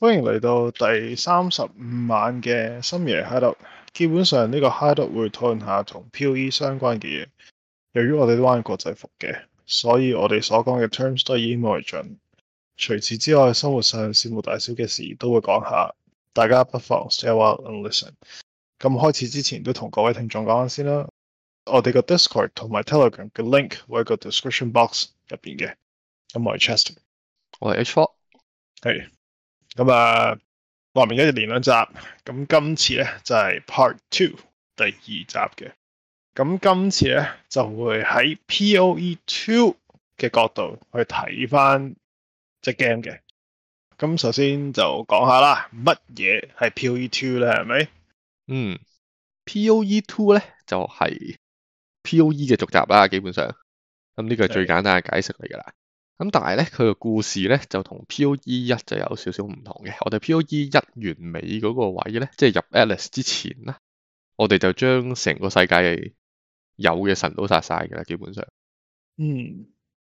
歡迎嚟到第三十五晚嘅深夜 Hideout 基本上呢個 Hideout 會討論下同 POE 相關嘅嘢。由於我哋都玩國際服嘅，所以我哋所講嘅 terms 都以英文為準。除此之外，生活上事無大小嘅事都會講下，大家不妨 stay well and listen。咁、嗯、開始之前都同各位聽眾講先啦。我哋個 Discord 同埋 Telegram 嘅 link 喺個 description box 入邊嘅。咁、嗯、我係 Chester，我係 H4，係。咁啊，話明一日連兩集，咁今次咧就係 Part Two 第二集嘅。咁今次咧就會喺 P.O.E. Two 嘅角度去睇翻隻 game 嘅。咁首先就講下啦、e，乜嘢係 P.O.E. Two 咧，係咪、嗯？嗯，P.O.E. Two 咧就係 P.O.E. 嘅續集啦，基本上，咁呢個係最簡單嘅解釋嚟噶啦。咁但係咧，佢個故事咧就同 POE 一就有少少唔同嘅。我哋 POE 一完美嗰個位咧，即係入 Atlas 之前啦，我哋就將成個世界有嘅神都殺晒嘅啦，基本上。嗯。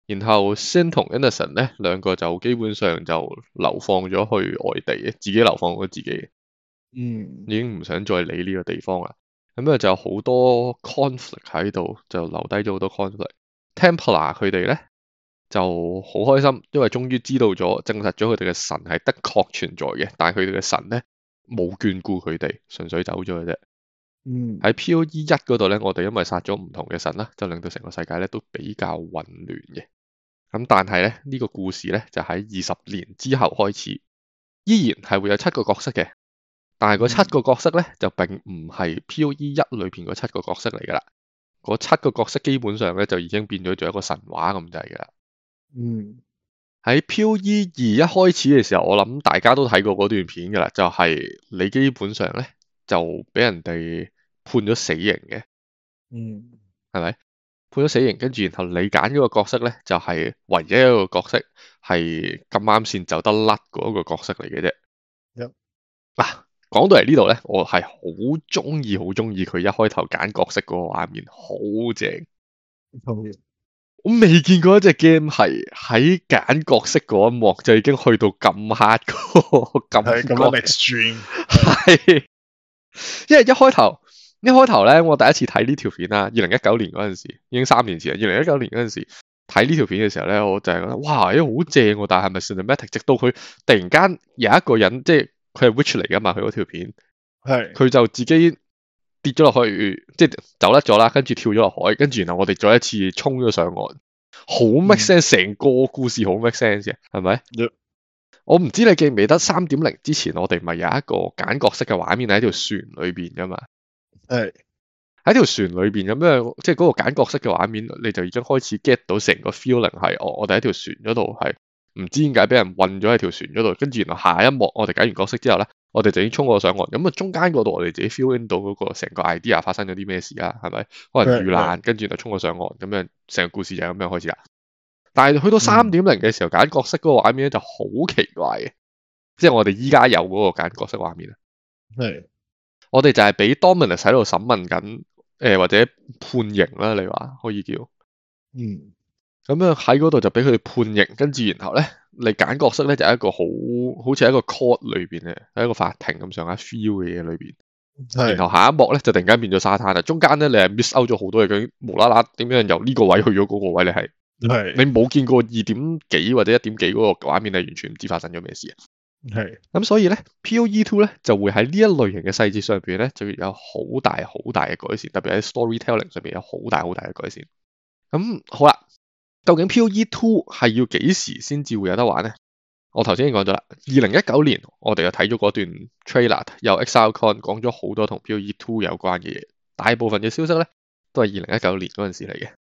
然後、嗯、Sin 同 Innocence 咧，兩個就基本上就流放咗去外地，自己流放咗自己。嗯。已經唔想再理呢個地方啦。咁啊，就好多 conflict 喺度，就留低咗好多 conflict。Templar 佢哋咧。就好開心，因為終於知道咗，證實咗佢哋嘅神係的確存在嘅。但係佢哋嘅神呢，冇眷顧佢哋，純粹走咗嘅啫。嗯，喺 POE 一嗰度呢，我哋因為殺咗唔同嘅神啦，就令到成個世界呢都比較混亂嘅。咁但係呢，呢、呢個故事呢，就喺二十年之後開始，依然係會有七個角色嘅。但係嗰七個角色呢，嗯、就並唔係 POE 一裏邊嗰七個角色嚟噶啦。嗰七個角色基本上呢，就已經變咗做一個神話咁滯噶啦。嗯，喺 POE2 一開始嘅時候，我諗大家都睇過嗰段片噶啦，就係、是、你基本上咧就俾人哋判咗死刑嘅，嗯，係咪判咗死刑？跟住然後你揀咗個角色咧，就係、是、唯一一個角色係咁啱先走得甩嗰一個角色嚟嘅啫。嗱、嗯啊，講到嚟呢度咧，我係好鍾意，好鍾意佢一開頭揀角色嗰個畫面，好正。嗯我未見過一隻 game 係喺揀角色嗰一幕就已經去到咁黑個咁。係。係。因為一開頭一開頭咧，我第一次睇呢條片啦，二零一九年嗰陣時，已經三年前啦，二零一九年嗰陣時睇呢條片嘅時候咧，我就係覺得哇，因為好正，但係咪 Cinematic 直到佢突然間有一個人，即係佢係 Witch 嚟噶嘛，佢嗰條片係，佢是就自己。跌咗落去，即係走甩咗啦，跟住跳咗落海，跟住然後我哋再一次衝咗上岸，好 make sense，成、嗯、個故事好 make sense，係咪？嗯、我唔知你記唔記得三點零之前我哋咪有一個揀角色嘅畫面喺條船裏邊噶嘛？係喺條船裏邊咁樣，即係嗰個揀角色嘅畫面，你就已經開始 get 到成個 feeling 係，哦，我哋喺條船嗰度係唔知點解俾人暈咗喺條船嗰度，跟住然後下一幕我哋揀完角色之後咧。我哋就已經衝過上岸，咁啊中間嗰度我哋自己 feel 到嗰個成個 idea 發生咗啲咩事啊？係咪？可能遇難，跟住就衝過上岸，咁樣成個故事就係咁樣開始啦。但係去到三點零嘅時候，揀、嗯、角色嗰個畫面就好奇怪嘅，即、就、係、是、我哋依家有嗰個揀角色畫面啊。係是，我哋就係俾 Dominus 喺度審問緊，誒、呃、或者判刑啦，你話可以叫？嗯。咁樣喺嗰度就俾佢判刑，跟住然後咧。你揀角色咧就係一個好好似喺一個 court 裏邊咧，喺一個法庭咁上下 feel 嘅嘢裏邊。是的 然後下一幕咧就突然間變咗沙灘啦。中間咧你係 miss out 咗好多嘢，佢無啦啦點樣由呢個位去咗嗰個位你？是的 你係你冇見過二點幾或者一點幾嗰個畫面，係完全唔知發生咗咩事。係咁，所以咧 POE2 咧就會喺呢一類型嘅細節上邊咧，就會有好大好大嘅改善，特別喺 storytelling 上邊有好大好大嘅改善。咁好啦。究竟 POE2 係要幾時先至會有得玩呢？我頭先已經講咗啦，二零一九年我哋又睇咗嗰段 trailer，又 ExileCon 講咗好多同 POE2 有關嘅嘢，大部分嘅消息咧都係二零一九年嗰陣時嚟嘅。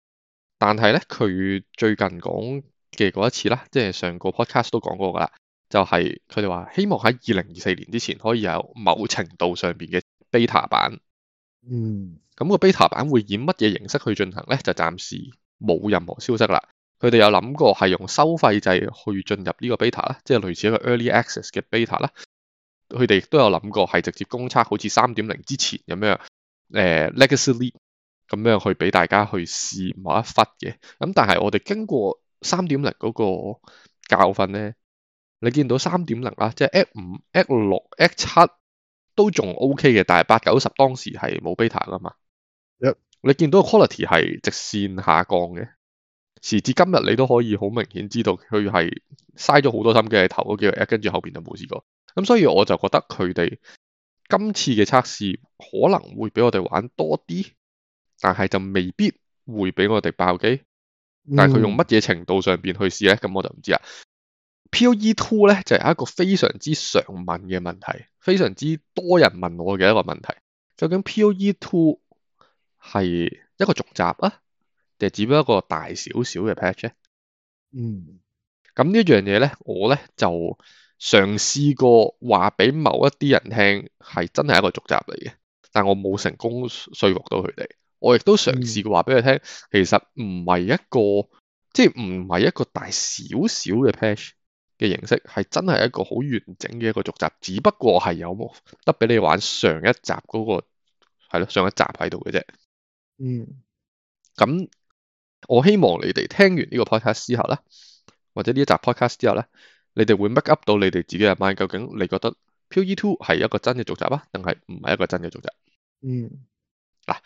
但係咧佢最近講嘅嗰一次啦，即係上個 podcast 都講過噶啦，就係佢哋話希望喺二零二四年之前可以有某程度上邊嘅 beta 版。嗯，咁個 beta 版會以乜嘢形式去進行咧？就暫時冇任何消息啦。佢哋有諗過係用收費制去進入呢個 beta 啦，即係類似一個 early access 嘅 beta 啦。佢哋亦都有諗過係直接公測，好似三點零之前咁樣，誒、呃、legacy 咁樣去俾大家去試某一忽嘅。咁但係我哋經過三點零嗰個教訓咧，你見到三點零啦，即係 F 五、F 六、X 七都仲 OK 嘅，但係八九十當時係冇 beta 噶嘛。你見到 quality 係直線下降嘅。時至今日，你都可以好明顯知道佢係嘥咗好多心機嚟投嗰幾個跟住後邊就冇試過。咁所以我就覺得佢哋今次嘅測試可能會俾我哋玩多啲，但係就未必會俾我哋爆機。但係佢用乜嘢程度上邊去試咧？咁我就唔知啦。POE2 咧就係一個非常之常問嘅問題，非常之多人問我嘅一個問題。究竟 POE2 係一個續集啊？就只不過一個大少少嘅 patch 啫。嗯。咁呢樣嘢咧，我咧就嘗試過話俾某一啲人聽，係真係一個續集嚟嘅。但我冇成功説服到佢哋。我亦都嘗試過話俾佢聽，嗯、其實唔係一個，即係唔係一個大少少嘅 patch 嘅形式，係真係一個好完整嘅一個續集。只不過係有冇得俾你玩上一集嗰、嗰個，係咯，上一集喺度嘅啫。嗯。咁。我希望你哋聽完個呢個 podcast 之後咧，或者呢一集 podcast 之後咧，你哋會 make up 到你哋自己嘅 mind，究竟你覺得 POE2、e、係一個真嘅續集啊，定係唔係一個真嘅續集？嗯，嗱、啊，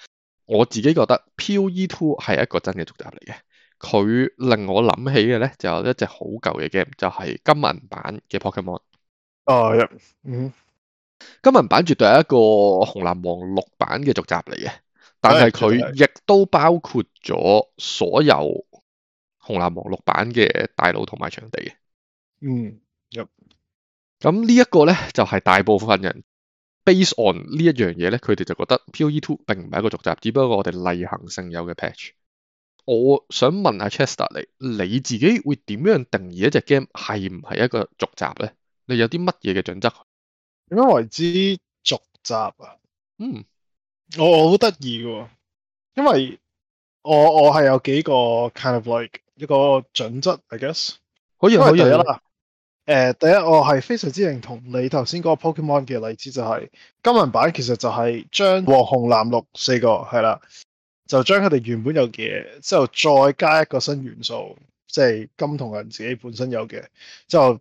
我自己覺得 POE2、e、係一個真嘅續集嚟嘅，佢令我諗起嘅咧就有、是、一隻好舊嘅 game，就係、是、金銀版嘅 Pokemon、ok。哦，嗯，金銀版絕對係一個紅藍黃綠版嘅續集嚟嘅。.但係佢亦都包括咗所有紅藍黃綠版嘅大佬同埋場地嘅、嗯。嗯。咁呢一個咧就係、是、大部分人 Based on 呢一樣嘢咧，佢哋就覺得 POE2 並唔係一個續集，只不過我哋例行性有嘅 patch。我想問下 Chester 你，你自己會點樣定義一隻 game 係唔係一個續集咧？你有啲乜嘢嘅準則？點解為之續集啊？嗯。我好得意嘅，因為我我係有幾個 kind of like 一個準則，I guess，可以可以啦。誒，第一我係非常之認同你頭先嗰個 Pokemon 嘅例子，就是，就係金銀版其實就係將黃紅藍綠四個系啦，就將佢哋原本有嘅嘢，之後再加一個新元素，即係金同銀自己本身有嘅之後。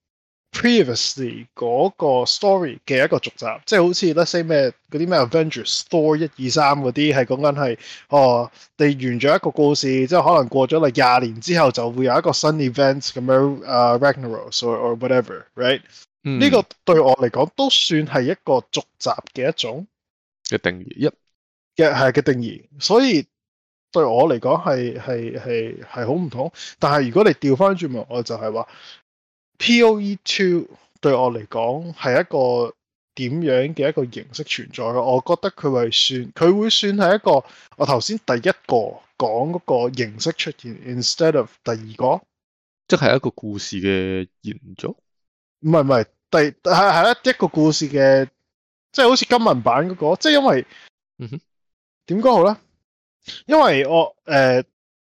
Previously 嗰個 story 嘅一個續集，即係好似 Let's Say 咩嗰啲咩 Avengers story 一二三嗰啲，係講緊係哦，你完咗一個故事，即係可能過咗喇廿年之後，就會有一個新 event 咁樣啊、uh, Ragnarok or whatever，right？呢、嗯、個對我嚟講都算係一個續集嘅一種嘅定義一嘅係嘅定義，所以對我嚟講係係係係好唔同。但係如果你調翻轉埋，我就係話。POE2 對我嚟講係一個點樣嘅一個形式存在？我覺得佢係算，佢會算係一個我頭先第一個講嗰個形式出現，instead of 第二個，即係一個故事嘅延續。唔係唔係，第係係一一個故事嘅，即係好似金文版嗰個，即係因為嗯哼，點講好咧？因為我誒。呃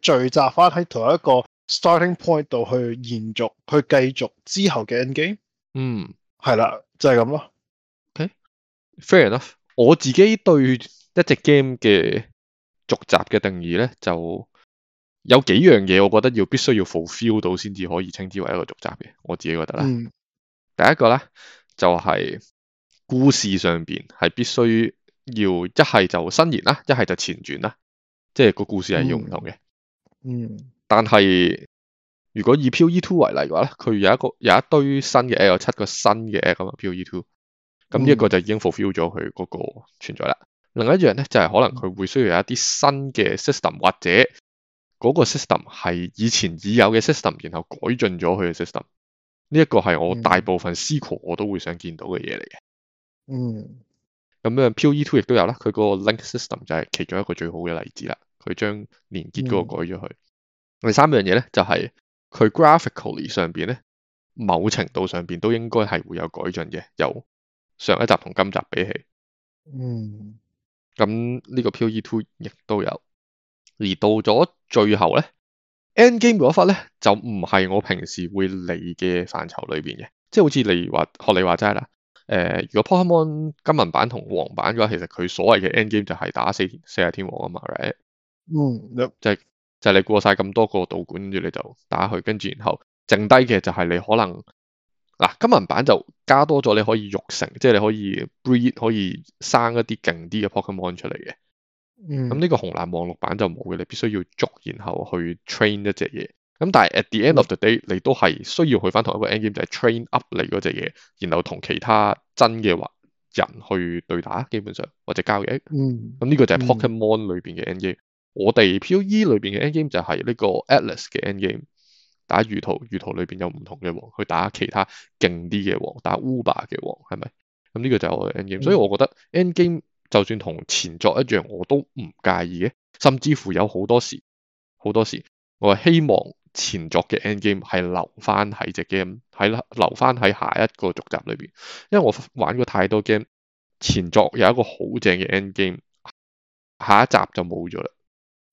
聚集翻喺同一個 starting point 度去延續，去繼續之後嘅 game。嗯，係啦，就係咁咯。Okay，fair 啦，我自己對一隻 game 嘅續集嘅定義咧，就有幾樣嘢，我覺得要必須要 fulfill 到先至可以稱之為一個續集嘅。我自己覺得咧，嗯、第一個咧就係、是、故事上邊係必須要一係就伸延啦，一係就前傳啦，即係個故事係要唔同嘅。嗯嗯，但係如果以 POE2、e、為例嘅話咧，佢有一個有一堆新嘅 app，七個新嘅 app 啊，POE2，咁呢一個就已經 fulfill 咗佢嗰個存在啦。另外一樣咧就係、是、可能佢會需要有一啲新嘅 system，或者嗰個 system 係以前已有嘅 system，然後改進咗佢嘅 system。呢、這、一個係我大部分 s c 我都會想見到嘅嘢嚟嘅。嗯、e，咁樣 POE2 亦都有啦，佢個 link system 就係其中一個最好嘅例子啦。佢將連結嗰個改咗、嗯，佢第三樣嘢咧就係、是、佢 graphically 上邊咧，某程度上邊都應該係會有改進嘅。由上一集同今集比起，嗯，咁呢個《POE2》亦都有。而到咗最後咧，end game 嗰忽咧就唔係我平時會理嘅範疇裏邊嘅，即係好似例如話學你話齋啦，誒、呃，如果 Pokemon 金銀版同黃版嘅話，其實佢所謂嘅 end game 就係打四四大天王啊嘛，right？嗯，即係即係你過晒咁多個道館，跟住你就打佢，跟住然後剩低嘅就係你可能嗱、啊，金銀版就加多咗，你可以育成，即係你可以 breed，可以生一啲勁啲嘅 Pokemon 出嚟嘅。嗯，咁呢個紅藍黃綠版就冇嘅，你必須要捉然後去 train 一隻嘢。咁但係 at the end of the day，、嗯、你都係需要去翻同一個 endgame 就係 train up 你嗰隻嘢，然後同其他真嘅或人去對打，基本上或者交易。嗯，咁呢個就係 Pokemon 裏邊嘅 endgame。嗯我哋 P.O.E 裏邊嘅 end game 就係呢個 Atlas 嘅 end game，打輿圖，輿圖裏邊有唔同嘅王，去打其他勁啲嘅王，打 Uber 嘅王係咪？咁呢個就係我嘅 end game，所以我覺得 end game 就算同前作一樣，我都唔介意嘅，甚至乎有好多時好多時，多時我係希望前作嘅 end game 係留翻喺隻 game 喺留翻喺下一個續集裏邊，因為我玩過太多 game，前作有一個好正嘅 end game，下一集就冇咗啦。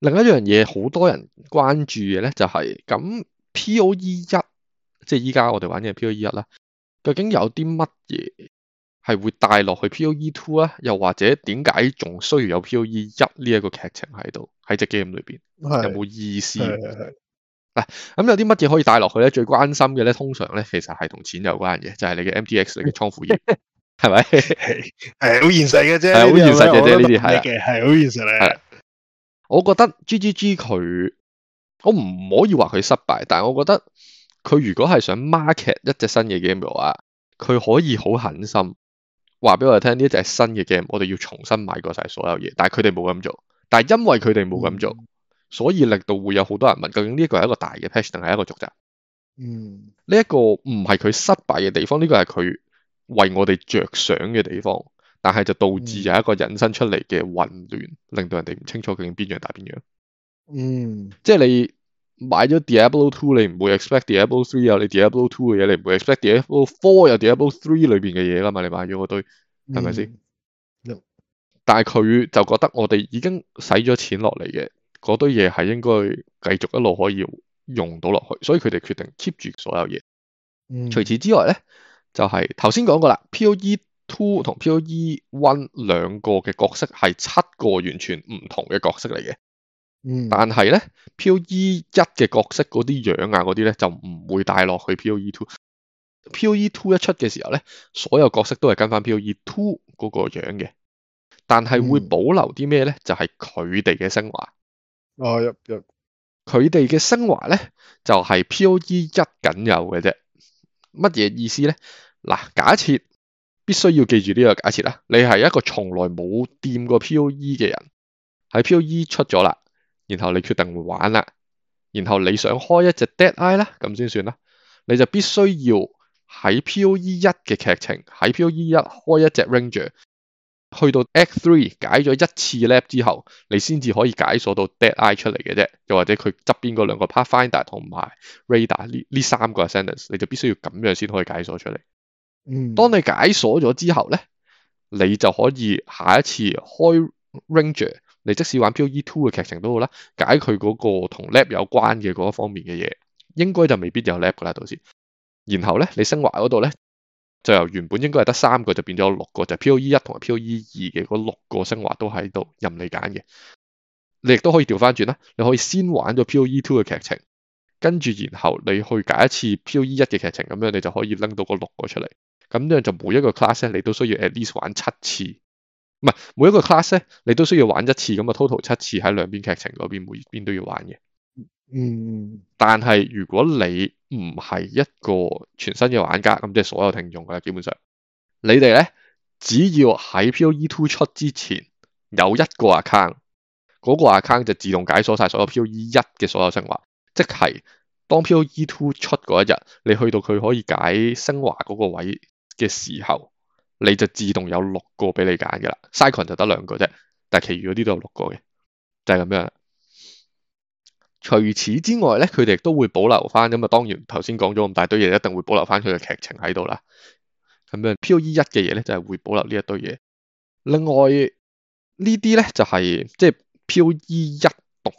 另一樣嘢好多人關注嘅咧、就是，就係咁 P O E 一，即係依家我哋玩嘅 P O E 一啦。究竟有啲乜嘢係會帶落去 P O E two 啊？又或者點解仲需要有 P O E 一呢一個劇情喺度喺隻 game 裏邊是有冇意思？嗱，咁有啲乜嘢可以帶落去咧？最關心嘅咧，通常咧其實係同錢有關嘅，就係、是、你嘅 M T X 你嘅倉庫存係咪？係好 吧現實嘅啫，好現實嘅啫，呢啲係係好現實嚟。我覺得、GG、G G G 佢，我唔可以話佢失敗，但係我覺得佢如果係想 market 一隻新嘅 game 嘅話，佢可以好狠心話俾我哋聽呢一隻新嘅 game，我哋要重新買過晒所有嘢。但係佢哋冇咁做。但係因為佢哋冇咁做，嗯、所以令到會有好多人問，究竟呢個係一個大嘅 patch 定係一個續集？嗯，呢一個唔係佢失敗嘅地方，呢、這個係佢為我哋着想嘅地方。但係就導致有一個引申出嚟嘅混亂，令到人哋唔清楚究竟邊樣打邊樣。嗯，即係你買咗 Diablo Two，你唔會 expect Diablo Three 啊，你 Diablo Two 嘅嘢你唔會 expect Diablo Four 啊，Diablo Three 裏邊嘅嘢啦嘛，你買咗嗰堆係咪先？但係佢就覺得我哋已經使咗錢落嚟嘅嗰堆嘢係應該繼續一路可以用到落去，所以佢哋決定 keep 住所有嘢。嗯，除此之外咧，就係頭先講過啦，POE。PO e Two 同 Poe One 兩個嘅角色係七個完全唔同嘅角色嚟嘅，嗯，但係咧 Poe 一嘅角色嗰啲樣啊嗰啲咧，就唔會帶落去 Poe Two。Poe Two 一出嘅時候咧，所有角色都係跟翻 Poe Two 嗰個樣嘅，但係會保留啲咩咧？就係佢哋嘅升華。哦，入入。佢哋嘅升華咧就係 Poe 一僅有嘅啫。乜嘢意思咧？嗱，假設。必須要記住呢個假設啦，你係一個從來冇掂過 POE 嘅人，喺 POE 出咗啦，然後你決定玩啦，然後你想開一隻 Dead Eye 啦，咁先算啦，你就必須要喺 POE 一嘅劇情，喺 POE 一開一隻 Ranger，去到 Act 3解咗一次 Lab 之後，你先至可以解鎖到 Dead Eye 出嚟嘅啫，又或者佢側邊嗰兩個 Pathfinder 同埋 Radar 呢呢三個 Ascendancy，你就必須要咁樣先可以解鎖出嚟。嗯，當你解鎖咗之後咧，你就可以下一次開 Ranger，你即使玩 Poe Two 嘅劇情都好啦，解佢嗰個同 Lab 有關嘅嗰一方面嘅嘢，應該就未必有 Lab 噶啦，到時，然後咧你升華嗰度咧就由原本應該係得三個就變咗六個，就 Poe 一同埋 Poe 二嘅嗰六個升華都喺度任你揀嘅，你亦都可以調翻轉啦，你可以先玩咗 Poe Two 嘅劇情，跟住然後你去解一次 Poe 一嘅劇情，咁樣你就可以拎到個六個出嚟。咁樣就每一個 class 咧，你都需要 at least 玩七次，唔係每一個 class 咧，你都需要玩一次咁嘅 total 七次，喺兩邊劇情嗰邊，每邊都要玩嘅。嗯，但係如果你唔係一個全新嘅玩家，咁即係所有聽眾嘅基本上，你哋咧只要喺 Poe Two 出之前有一個 account，嗰個 account 就自動解鎖晒所有 Poe 一嘅所有升華，即係當 Poe Two 出嗰一日，你去到佢可以解升華嗰個位。嘅時候，你就自動有六個俾你揀嘅啦。cycle 就得兩個啫，但係其餘嗰啲都有六個嘅，就係咁樣。除此之外咧，佢哋都會保留翻咁啊。當然頭先講咗咁大堆嘢，一定會保留翻佢嘅劇情喺度啦。咁樣 Poe 一嘅嘢咧，就係會保留呢一堆嘢。另外呢啲咧就係即係 Poe 一獨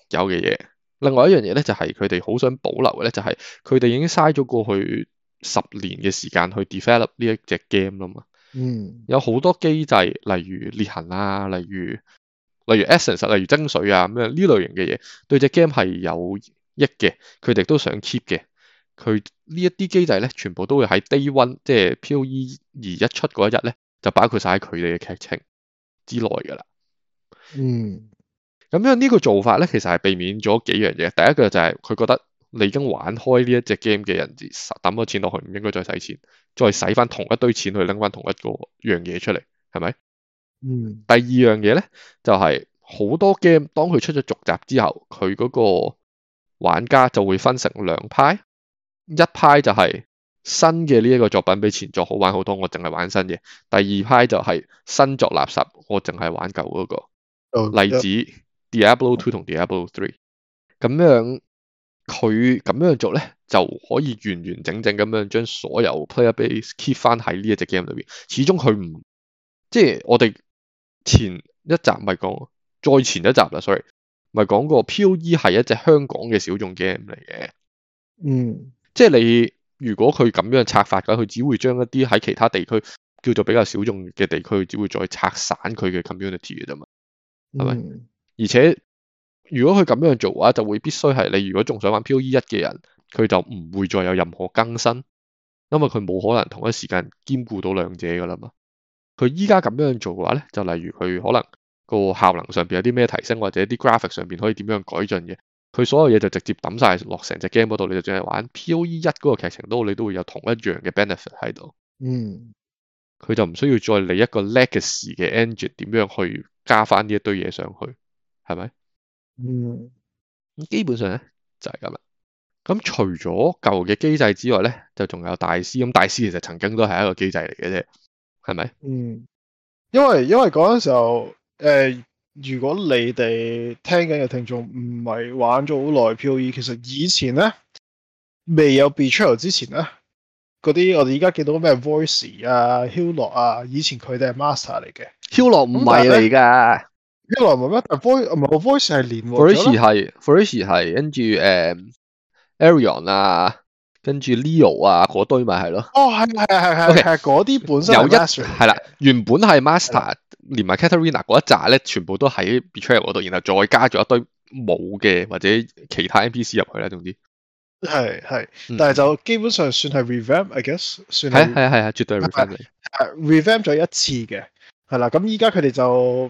有嘅嘢。另外一樣嘢咧，就係佢哋好想保留嘅咧，就係佢哋已經嘥咗過去。十年嘅時間去 develop 呢一隻 game 啦嘛，嗯，有好多機制，例如裂痕啦，例如例如 essence，例如爭水啊，咩呢類型嘅嘢對隻 game 係有益嘅，佢哋都想 keep 嘅。佢呢一啲機制咧，全部都會喺 day one 即係 POE2 一出嗰一日咧，就包括曬佢哋嘅劇情之內㗎啦。嗯，咁因為呢個做法咧，其實係避免咗幾樣嘢。第一個就係佢覺得。你已經玩開呢一隻 game 嘅人，抌咗錢落去，唔應該再使錢，再使翻同一堆錢去拎翻同一個樣嘢出嚟，係咪？嗯。第二樣嘢咧，就係好多 game 當佢出咗續集之後，佢嗰個玩家就會分成兩派，一派就係新嘅呢一個作品比前作好玩好多，我淨係玩新嘅；第二派就係新作垃圾，我淨係玩舊嗰個。嗯、例子《Diablo Two》嗯同《Diablo Three》，咁樣。佢咁樣做咧，就可以完完整整咁樣將所有 player base keep 翻喺呢一隻 game 裏邊。始終佢唔即係我哋前一集咪講，再前一集啦，sorry 咪講過 P.O.E 係一隻香港嘅小眾 game 嚟嘅。嗯，即係你如果佢咁樣拆法嘅，佢只會將一啲喺其他地區叫做比較小眾嘅地區，只會再拆散佢嘅 community 嘅啫嘛。係咪、嗯？而且。如果佢咁樣做嘅話，就會必須係你。如果仲想玩 POE1 嘅人，佢就唔會再有任何更新，因為佢冇可能同一時間兼顧到兩者噶啦嘛。佢依家咁樣做嘅話咧，就例如佢可能個效能上邊有啲咩提升，或者啲 graphic 上邊可以點樣改進嘅，佢所有嘢，就直接抌晒落成隻 game 嗰度，你就淨係玩 POE1 嗰個劇情都，你都會有同一樣嘅 benefit 喺度。嗯，佢就唔需要再理一個 legacy 嘅 engine 點樣去加翻呢一堆嘢上去，係咪？嗯，咁基本上咧就係咁啦。咁除咗舊嘅機制之外咧，就仲有大師。咁大師其實曾經都係一個機制嚟嘅啫，係咪？嗯，因為因為嗰陣時候，誒、呃，如果你哋聽緊嘅聽眾唔係玩咗好耐 p o 其實以前咧未有 B.T.R.O e 之前咧，嗰啲我哋而家見到咩 Voice 啊、Hill 諾啊，以前佢哋係 Master 嚟嘅，Hill 諾唔係嚟噶。嗯原來唔 voice 唔係個 voice 係連，Furish 係，Furish 係，跟住誒 Arian 啊，跟住 Leo 啊嗰堆咪係咯。哦，係係係係係，其實嗰啲本身有一係啦，原本係 Master 連埋 Caterina 嗰一紮咧，全部都喺 Betrayal 度，然後再加咗一堆冇嘅或者其他 NPC 入去咧，總之係係，但係就基本上算係 revamp，I guess 算係係啊係啊，絕對係 revamp，revamp 咗一次嘅係啦，咁依家佢哋就。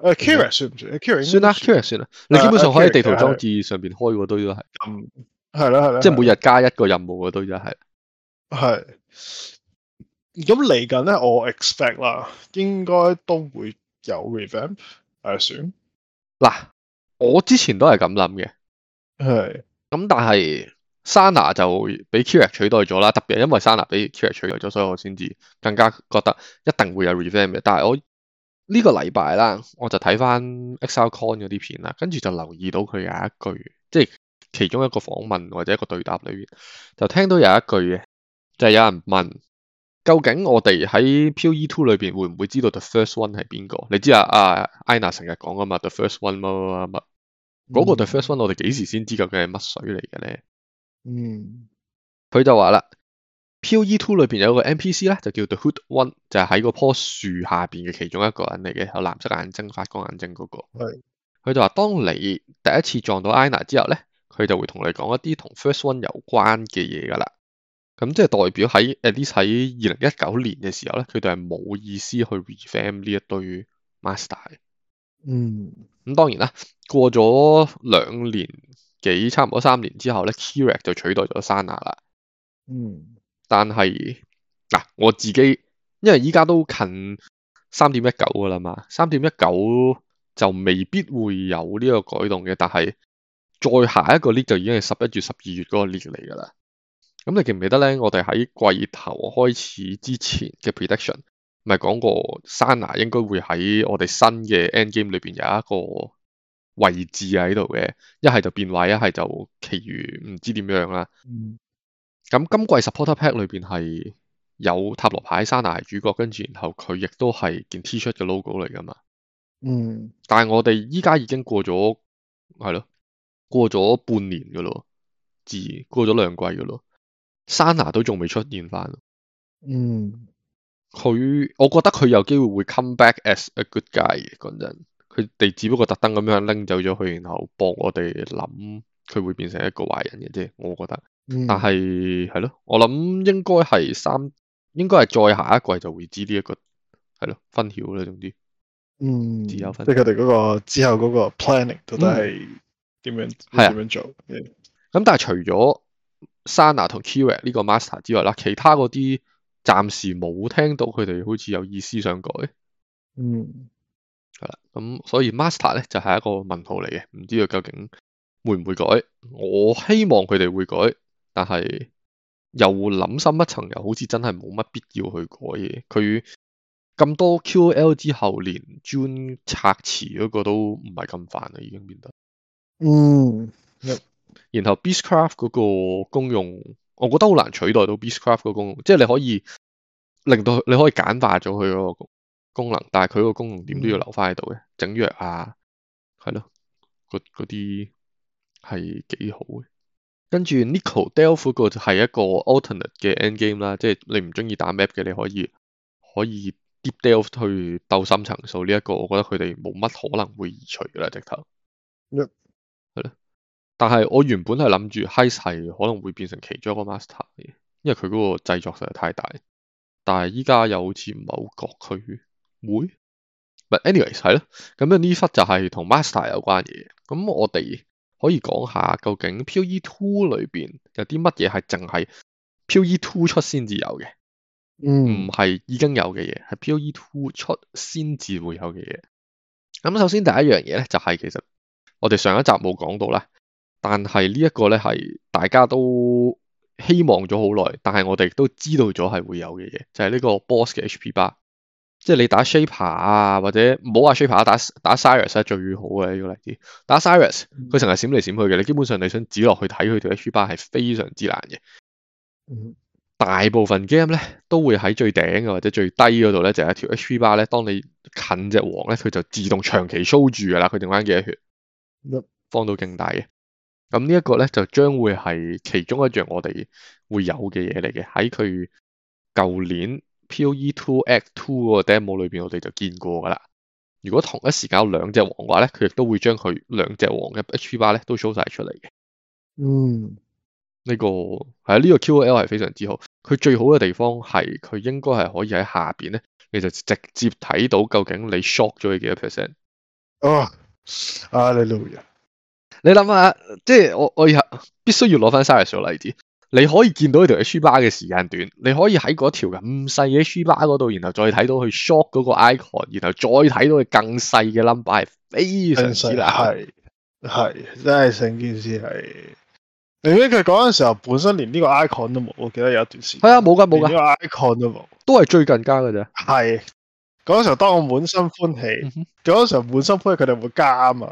誒，Kirac 算唔算？Kirac 算啦，Kirac 算啦。你基本上可以地圖裝置上邊開個都都係。Uh, uh, 就是、嗯，係咯，係咯，即係每日加一個任務個都都係。係。咁嚟緊咧，我 expect 啦，應該都會有 revamp，I assume。嗱，我之前都係咁諗嘅。係的。咁、嗯、但係 Zana 就俾 Kirac 取代咗啦，特別因為 Zana 俾 Kirac 取代咗，所以我先至更加覺得一定會有 revamp 嘅。但係我。呢個禮拜啦，我就睇翻 ExileCon 嗰啲片啦，跟住就留意到佢有一句，即係其中一個訪問或者一個對答裏邊，就聽到有一句嘅，就係、是、有人問：究竟我哋喺 POE2 裏邊會唔會知道 The First One 係邊個？你知啊，阿 Ina 成日講噶嘛，The First One 乜乜乜，嗰、嗯、個 The First One 我哋幾時先知道佢係乜水嚟嘅咧？嗯，佢就話啦。P.O.E. Two 裏邊有一個 NPC 咧，就叫做 The Hood One，就係喺嗰棵樹下邊嘅其中一個人嚟嘅，有藍色眼睛、發光眼睛嗰個。係佢是就話：當你第一次撞到 Einhar 之後咧，佢就會同你講一啲同 First One 有關嘅嘢噶啦。咁即係代表喺，at least 喺二零一九年嘅時候咧，佢哋係冇意思去 reframe 呢一堆 master。嗯。咁當然啦，過咗兩年幾，差唔多三年之後咧，Kirac 就取代咗 Sana 啦。嗯。但係嗱、啊，我自己，因為依家都近三點一九噶啦嘛，三點一九就未必會有呢個改動嘅。但係再下一個 league 就已經係十一月，十二月嗰個 league 嚟噶啦。咁你記唔記得咧？我哋喺季頭開始之前嘅 prediction，咪講過 Sana 應該會喺我哋新嘅 end game 裏邊有一個位置喺度嘅，一係就變位，一係就其餘唔知點樣啦。咁今季 supporter pack 裏邊係有塔羅牌 s 拿係主角，跟住然後佢亦都係件 T-shirt 嘅 logo 嚟噶嘛。嗯。但係我哋依家已經過咗，係咯，過咗半年噶咯，自然過咗兩季噶咯 s 拿都仲未出現翻。嗯。佢，我覺得佢有機會會 come back as a good guy。嗰陣，佢哋只不過特登咁樣拎走咗佢，然後幫我哋諗佢會變成一個壞人嘅啫。我覺得。但係係咯，我諗應該係三，應該係再下一季就會知呢一個係咯分曉啦。總之，嗯，自有分。即係佢哋嗰個之後嗰個 planning 到底係點樣點樣做。咁但係除咗 Sana 同 Kirac 呢個 master 之外啦，其他嗰啲暫時冇聽到佢哋好似有意思想改。嗯，係啦。咁所以 master 咧就係一個問號嚟嘅，唔知佢究竟會唔會改？我希望佢哋會改。但係又諗深一層，又好似真係冇乜必要去改嘢。佢咁多 QL 之後，連專拆詞嗰個都唔係咁煩啦，已經變得嗯。然後 Beastcraft 嗰個功用，我覺得好難取代到 Beastcraft 嗰個功用，即係你可以令到你可以簡化咗佢嗰個功能，但係佢個功用點都要留翻喺度嘅整藥啊，係咯，嗰啲係幾好嘅。跟住 Niko Delve 個就係一個 alternate 嘅 endgame 啦，即係你唔鍾意打 map 嘅，你可以可以 deep Delve 去鬥深層數呢、這、一個，我覺得佢哋冇乜可能會移除啦，直頭。係咯 Yeah.。但係我原本係諗住 Heist 係可能會變成其中一個 master 嘅，因為佢嗰個製作實在太大。但係依家又好似唔係好覺佢會。唔 anyways 係咯。咁呢呢忽就係同 master 有關嘅嘢。咁我哋。可以講下究竟 P.O.E. Two 裏邊有啲乜嘢係淨係 P.O.E. Two 出先至有嘅，唔係已經有嘅嘢，係 P.O.E. Two 出先至會有嘅嘢。咁首先第一樣嘢咧就係其實我哋上一集冇講到啦，但係呢一個咧係大家都希望咗好耐，但係我哋都知道咗係會有嘅嘢，就係、是、呢個 Boss 嘅 H.P. Bar。即係你打 Shaper 啊，或者唔好話 Shaper 啊，打打 Sirus 係、啊、最好嘅呢、呢個例子。打 Sirus 佢成日閃嚟閃去嘅，你基本上你想指落去睇佢條 HP bar 係非常之難嘅。嗯、大部分 game 咧都會喺最頂或者最低嗰度咧就有、是、一條 HP bar 咧。當你近隻王咧，佢就自動長期 show 住噶啦，佢剩翻幾多血，嗯、放到勁大嘅。咁呢一個咧就將會係其中一樣我哋會有嘅嘢嚟嘅。喺佢舊年。P.O.E. Two X Two 個 demo 裏邊，e、2 2裡面我哋就見過噶啦。如果同一時間有兩隻王嘅話咧，佢亦都會將佢兩隻王嘅 HP 巴咧都 show 晒出嚟嘅、這個。嗯，呢、這個係啊，呢個 QOL 係非常之好。佢最好嘅地方係佢應該係可以喺下邊咧，你就直接睇到究竟你 Shock 咗佢幾多 percent。哦，阿你你諗下，即係我我要必須要攞翻三隻小例子。你可以見到呢條 h 書巴嘅時間短，你可以喺嗰條咁細嘅 h 書巴嗰度，然後再睇到佢 short 嗰個 icon，然後再睇到佢更細嘅 number，非常細啦。係係真係成件事係，你記得嗰陣時候本身連呢個 icon 都冇，我記得有一段時間係啊冇噶冇噶呢個 icon 都冇，都係最近加嘅啫。係。嗰時候，當我滿心歡喜，嗰、嗯、哼時候滿心歡喜，佢哋會加啊嘛！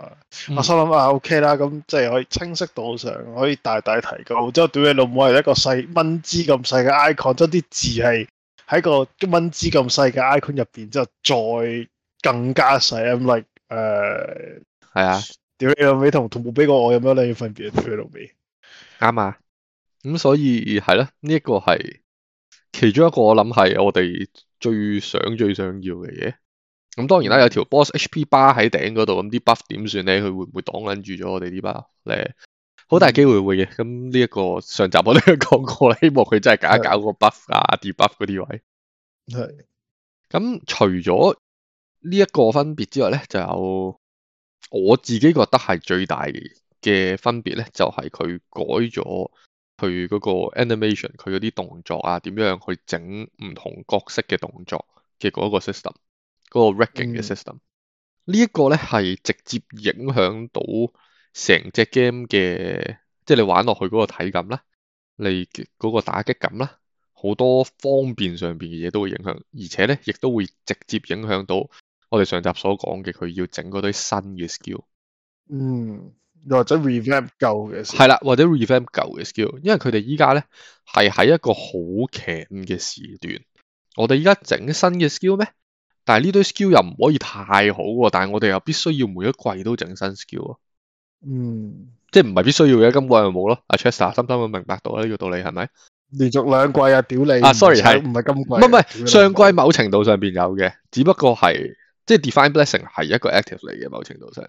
嗯、我心諗啊，O、OK、K 啦，咁即係可以清晰度上可以大大提高。之後屌你老母係一個細蚊枝咁細嘅 icon，即係啲字係喺個蚊枝咁細嘅 icon 入邊，之後再更加細。咁 m、嗯、like 誒，係啊，屌你老味同同冇俾過我有乜兩樣分別？屌你老味，啱啊、嗯！咁所以係啦，呢、這、一個係其中一個，我諗係我哋。最想最想要嘅嘢，咁當然啦，有條 boss HP 巴喺頂嗰度，咁啲 buff 點算咧？佢會唔會擋緊住咗我哋啲 buff 咧？好、嗯、大機會會嘅。咁呢一個上集我都講過啦，希望佢真係搞一搞個 buff 啊，跌 buff 嗰啲位。係的。咁除咗呢一個分別之外咧，就有我自己覺得係最大嘅分別咧，就係、是、佢改咗。佢嗰個 animation，佢嗰啲動作啊，點樣去整唔同角色嘅動作嘅嗰個 system，嗰個 recording 嘅 system，嗯，呢一個咧係直接影響到成隻 game 嘅，即係你玩落去嗰個體感啦，你嗰個打擊感啦，好多方便上邊嘅嘢都會影響，而且咧亦都會直接影響到我哋上集所講嘅佢要整嗰堆新嘅 skill。嗯。或者 revamp 舊嘅係啦，或者 revamp 舊嘅 skill，因為佢哋依家咧係喺一個好強嘅時段。我哋依家整新嘅 skill 咩？但係呢堆 skill 又唔可以太好，但係我哋又必須要每一季都整新 skill、嗯、咯。嗯，即係唔係必須要嘅，今季又冇咯。阿 Chester 深深咁明白到呢、這個道理係咪？是是連續兩季啊，屌你！啊，sorry，係唔係今季？唔係唔係，是上季某程度上邊有嘅，只不過係即係 define blessing 係一個 active 嚟嘅，某程度上。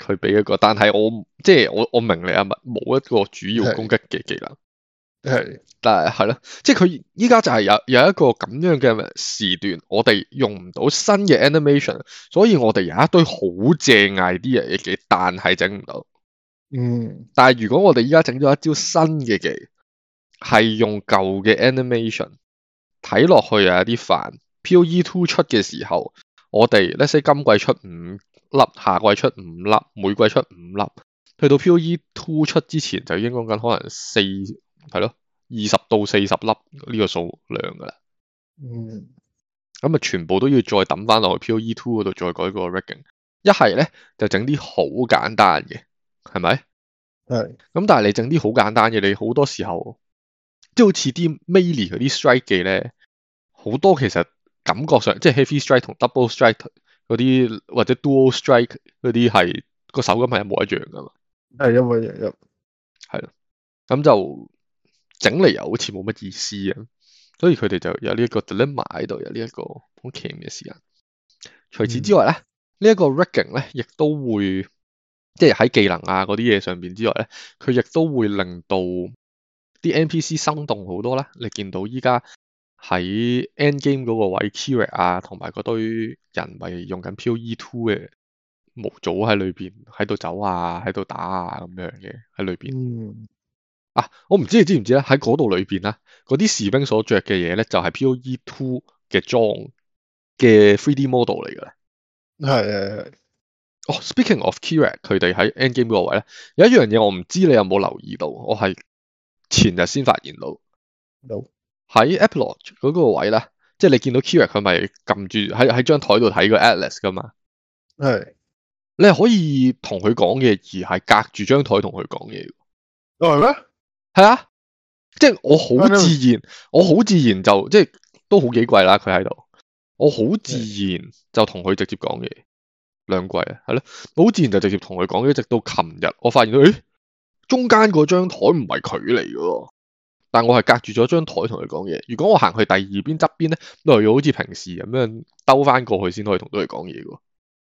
佢俾一個，但係我即係我我明你阿物冇一個主要攻擊嘅技能。係的但係係咯，即係佢依家就係有有一個咁樣嘅時段，我哋用唔到新嘅 animation，所以我哋有一堆好正 idea 嘅技，但係整唔到。嗯，但係如果我哋依家整咗一招新嘅技，係用舊嘅 animation 睇落去又有啲煩。POE2 出嘅時候，我哋，let’s say 今季出五粒下季出五粒，每季出五粒，去到 POE2 出之前，就已經講緊可能四係咯，二十到四十粒呢個數量噶啦。嗯、mm，咁啊，全部都要再抌翻落去 POE2 嗰度再改個 recking。一係咧就整啲好簡單嘅，係咪？係、mm。咁、hmm. 嗯、但係你整啲好簡單嘅，你好多時候即係好似啲 melee 嗰啲 strike 技咧，好多其實感覺上即係 heavy strike 同 double strike。嗰啲或者 Dual Strike 嗰啲係個手感係一模一樣噶嘛，係一模一樣，係、嗯、咯，咁、嗯、就整嚟又好似冇乜意思啊，所以佢哋就有呢一個 Dilemma 喺度，有呢一個好奇妙嘅時間。除此之外咧，嗯、呢一個 rigging 咧亦都會，即係喺技能啊嗰啲嘢上邊之外咧，佢亦都會令到啲 NPC 生動好多啦。你見到依家。喺 Endgame 嗰個位，Kirac e 啊，同埋嗰堆人咪用緊 Poe Two 嘅模組喺裏邊，喺度走啊，喺度打啊咁樣嘅喺裏邊。嗯、啊，我唔知你知唔知咧？喺嗰度裏邊咧，嗰啲士兵所着嘅嘢咧，就係、是、Poe Two 嘅裝嘅 3D model 嚟嘅。係、嗯，哦、oh,，Speaking of Kirac，e 佢哋喺 Endgame 嗰個位咧，有一樣嘢我唔知你有冇留意到，我係前日先發現到。嗯喺 Epilogue 嗰個位咧，即係你見到 Kirac 佢咪撳住喺喺張台度睇個 Atlas 噶嘛？係的，你係可以同佢講嘢，而係隔住張台同佢講嘢。哦，係咩？係啊，即係我好自然，我好自然就即係都好幾季啦。佢喺度，我好自然就同佢直接講嘢，兩季，啊，係咯，好自然就直接同佢講，一直到琴日，我發現到誒、哎，中間嗰張台唔係佢嚟嘅喎。但我係隔住咗張台同佢講嘢，如果我行去第二邊側邊咧，都係要好似平時咁樣兜翻過去先可以同到佢講嘢嘅。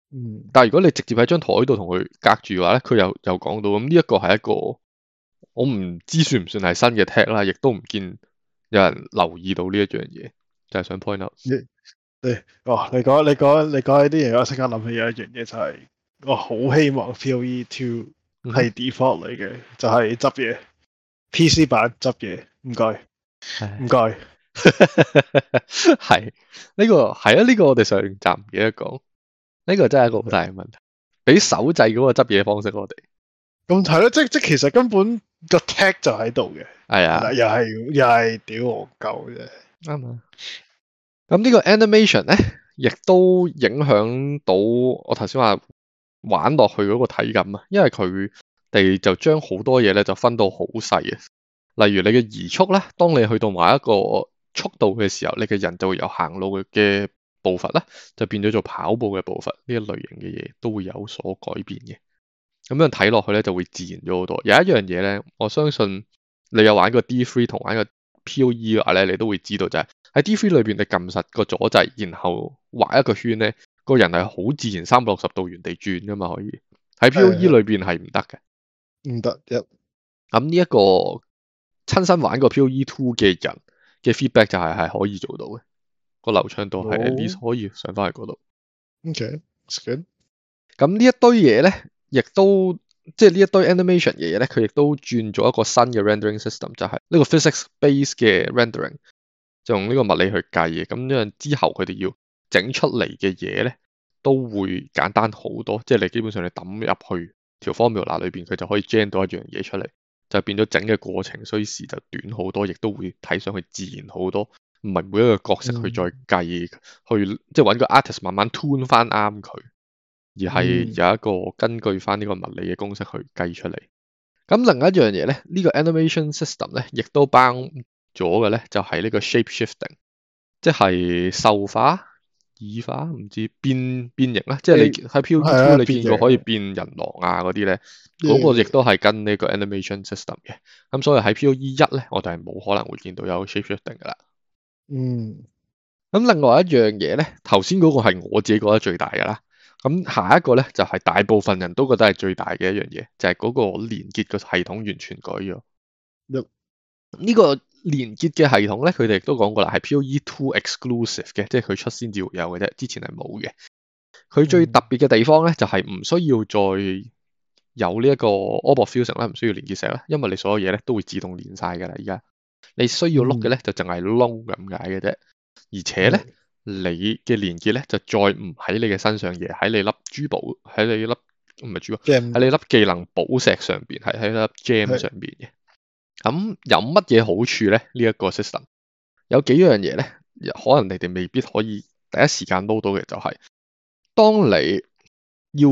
嗯，但係如果你直接喺張台度同佢隔住嘅話咧，佢又又講到咁呢、嗯這個、一個係一個我唔知算唔算係新嘅 tech 啦，亦都唔見有人留意到呢一樣嘢，就係、是、想 point out。嗯、你哦，你講你講你講起啲嘢，我即刻諗起有一樣嘢就係、是、我好希望 POE2 係 default 嚟嘅，嗯、就係執嘢。P. C. 版執嘢，唔該，唔該，係呢、這個係啊，呢、這個我哋上集唔記得講，呢、這個真係一個好大嘅問題。俾的手掣嗰個執嘢方式，我哋咁睇咯，即即，即，即其實根本個 tech 就喺度嘅，係啊的，又係又係屌我夠嘅，啱啊。咁呢個 animation 咧，亦都影響到我頭先話玩落去嗰個體感啊，因為佢。第二就將好多嘢咧就分到好細嘅，例如你嘅移速咧，當你去到某一個速度嘅時候，你嘅人就會由行路嘅嘅步伐咧，就變咗做跑步嘅步伐呢一類型嘅嘢都會有所改變嘅。咁樣睇落去咧就會自然咗好多。有一樣嘢咧，我相信你有玩過 D3 同玩過 P.O.E 嘅話咧，你都會知道就係喺 D3 裏邊你撳實個左掣，然後畫一個圈咧，個人係好自然三百六十度原地轉㗎嘛，可以喺 P.O.E 裏邊係唔得嘅。唔得一，咁呢一個親身玩過 PoE2 嘅人嘅 feedback 就係係可以做到嘅，個流暢度係可以上翻去嗰度。Oh. Okay, good. 咁呢一堆嘢咧，亦都即係呢一堆 animation 嘢咧，佢亦都轉咗一個新嘅 rendering system，就係呢個 physics-based 嘅 rendering，就用呢個物理去計嘅。咁樣之後佢哋要整出嚟嘅嘢咧，都會簡單好多。即係你基本上你抌入去。條 formula 裏邊，佢就可以 gen 到一樣嘢出嚟，就變咗整嘅過程，所需時就短好多，亦都會睇上去自然好多，唔係每一個角色去再計，嗯、去即係揾個 artist 慢慢 tune 翻啱佢，而係有一個根據翻呢個物理嘅公式去計出嚟。咁、嗯、另一樣嘢咧，這個、呢個 animation system 咧，亦都包咗嘅咧，就係呢個 shape shifting，即係獸化。擬化唔知變變形啦，欸、即係你喺 POE 二你見過可以變人狼啊嗰啲咧，嗰、啊、個亦都係跟呢個 animation system 嘅。咁所以喺 POE 一咧，我哋係冇可能會見到有 shapeshifting 噶啦。嗯。咁另外一樣嘢咧，頭先嗰個係我自己覺得最大噶啦。咁下一個咧就係、是、大部分人都覺得係最大嘅一樣嘢，就係、是、嗰個連結嘅系統完全改咗。呢、這個。連結嘅系統咧，佢哋亦都講過啦，係 POE2 exclusive 嘅，即係佢出先至會有嘅啫。之前係冇嘅。佢最特別嘅地方咧，就係、是、唔需要再有呢一個 orb fusion 啦，唔需要連結石啦，因為你所有嘢咧都會自動連晒㗎啦。而家你需要碌嘅咧，就淨係窿咁解嘅啫。而且咧，你嘅連結咧就再唔喺你嘅身上嘅，喺你粒珠寶，喺你粒唔係珠寶，喺 Gem. 你粒技能寶石上邊，係喺粒 gem 上邊嘅。咁、嗯、有乜嘢好處咧？呢、這、一個 system 有幾樣嘢咧？可能你哋未必可以第一時間 load 到嘅就係、是，當你要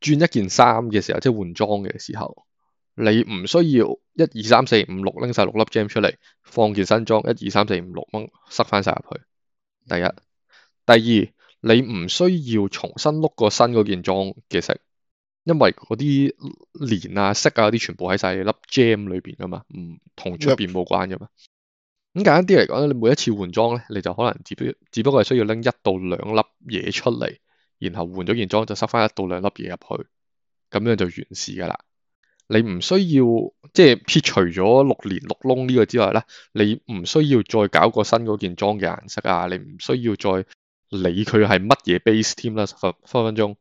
轉一件衫嘅時候，即係換裝嘅時候，你唔需要 1, 2, 3, 4, 5, 6, 一二三四五六拎晒六粒 gem 出嚟放件新裝，一二三四五六蚊塞翻晒入去。第一，第二，你唔需要重新碌個新嗰件裝嘅色。因為嗰啲連啊色啊嗰啲全部喺晒粒 gem 裏邊噶嘛，唔同出邊冇關噶嘛。咁、嗯、簡單啲嚟講咧，你每一次換裝咧，你就可能只不只不過係需要拎一到兩粒嘢出嚟，然後換咗件裝就塞翻一到兩粒嘢入去，咁樣就完事噶啦。你唔需要即係撇除咗六連六窿呢個之外咧，你唔需要再搞個新嗰件裝嘅顏色啊，你唔需要再理佢係乜嘢 base team 啦。分分分鐘。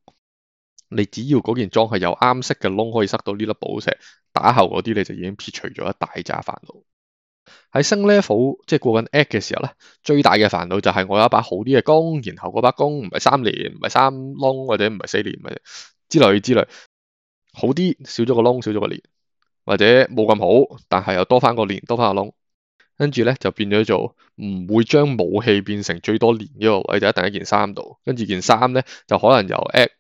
你只要嗰件裝係有啱色嘅窿，可以塞到呢粒寶石打後嗰啲，你就已經撇除咗一大揸煩惱。喺升 level 即係過緊 Act 嘅時候咧，最大嘅煩惱就係我有一把好啲嘅弓，然後嗰把弓唔係三年唔係三窿或者唔係四年唔係之類之類，好啲少咗個窿少咗個年，或者冇咁好，但係又多翻個年多翻個窿，跟住咧就變咗做唔會將武器變成最多年呢個位就喺第一件衫度，跟住件衫咧就可能由 Act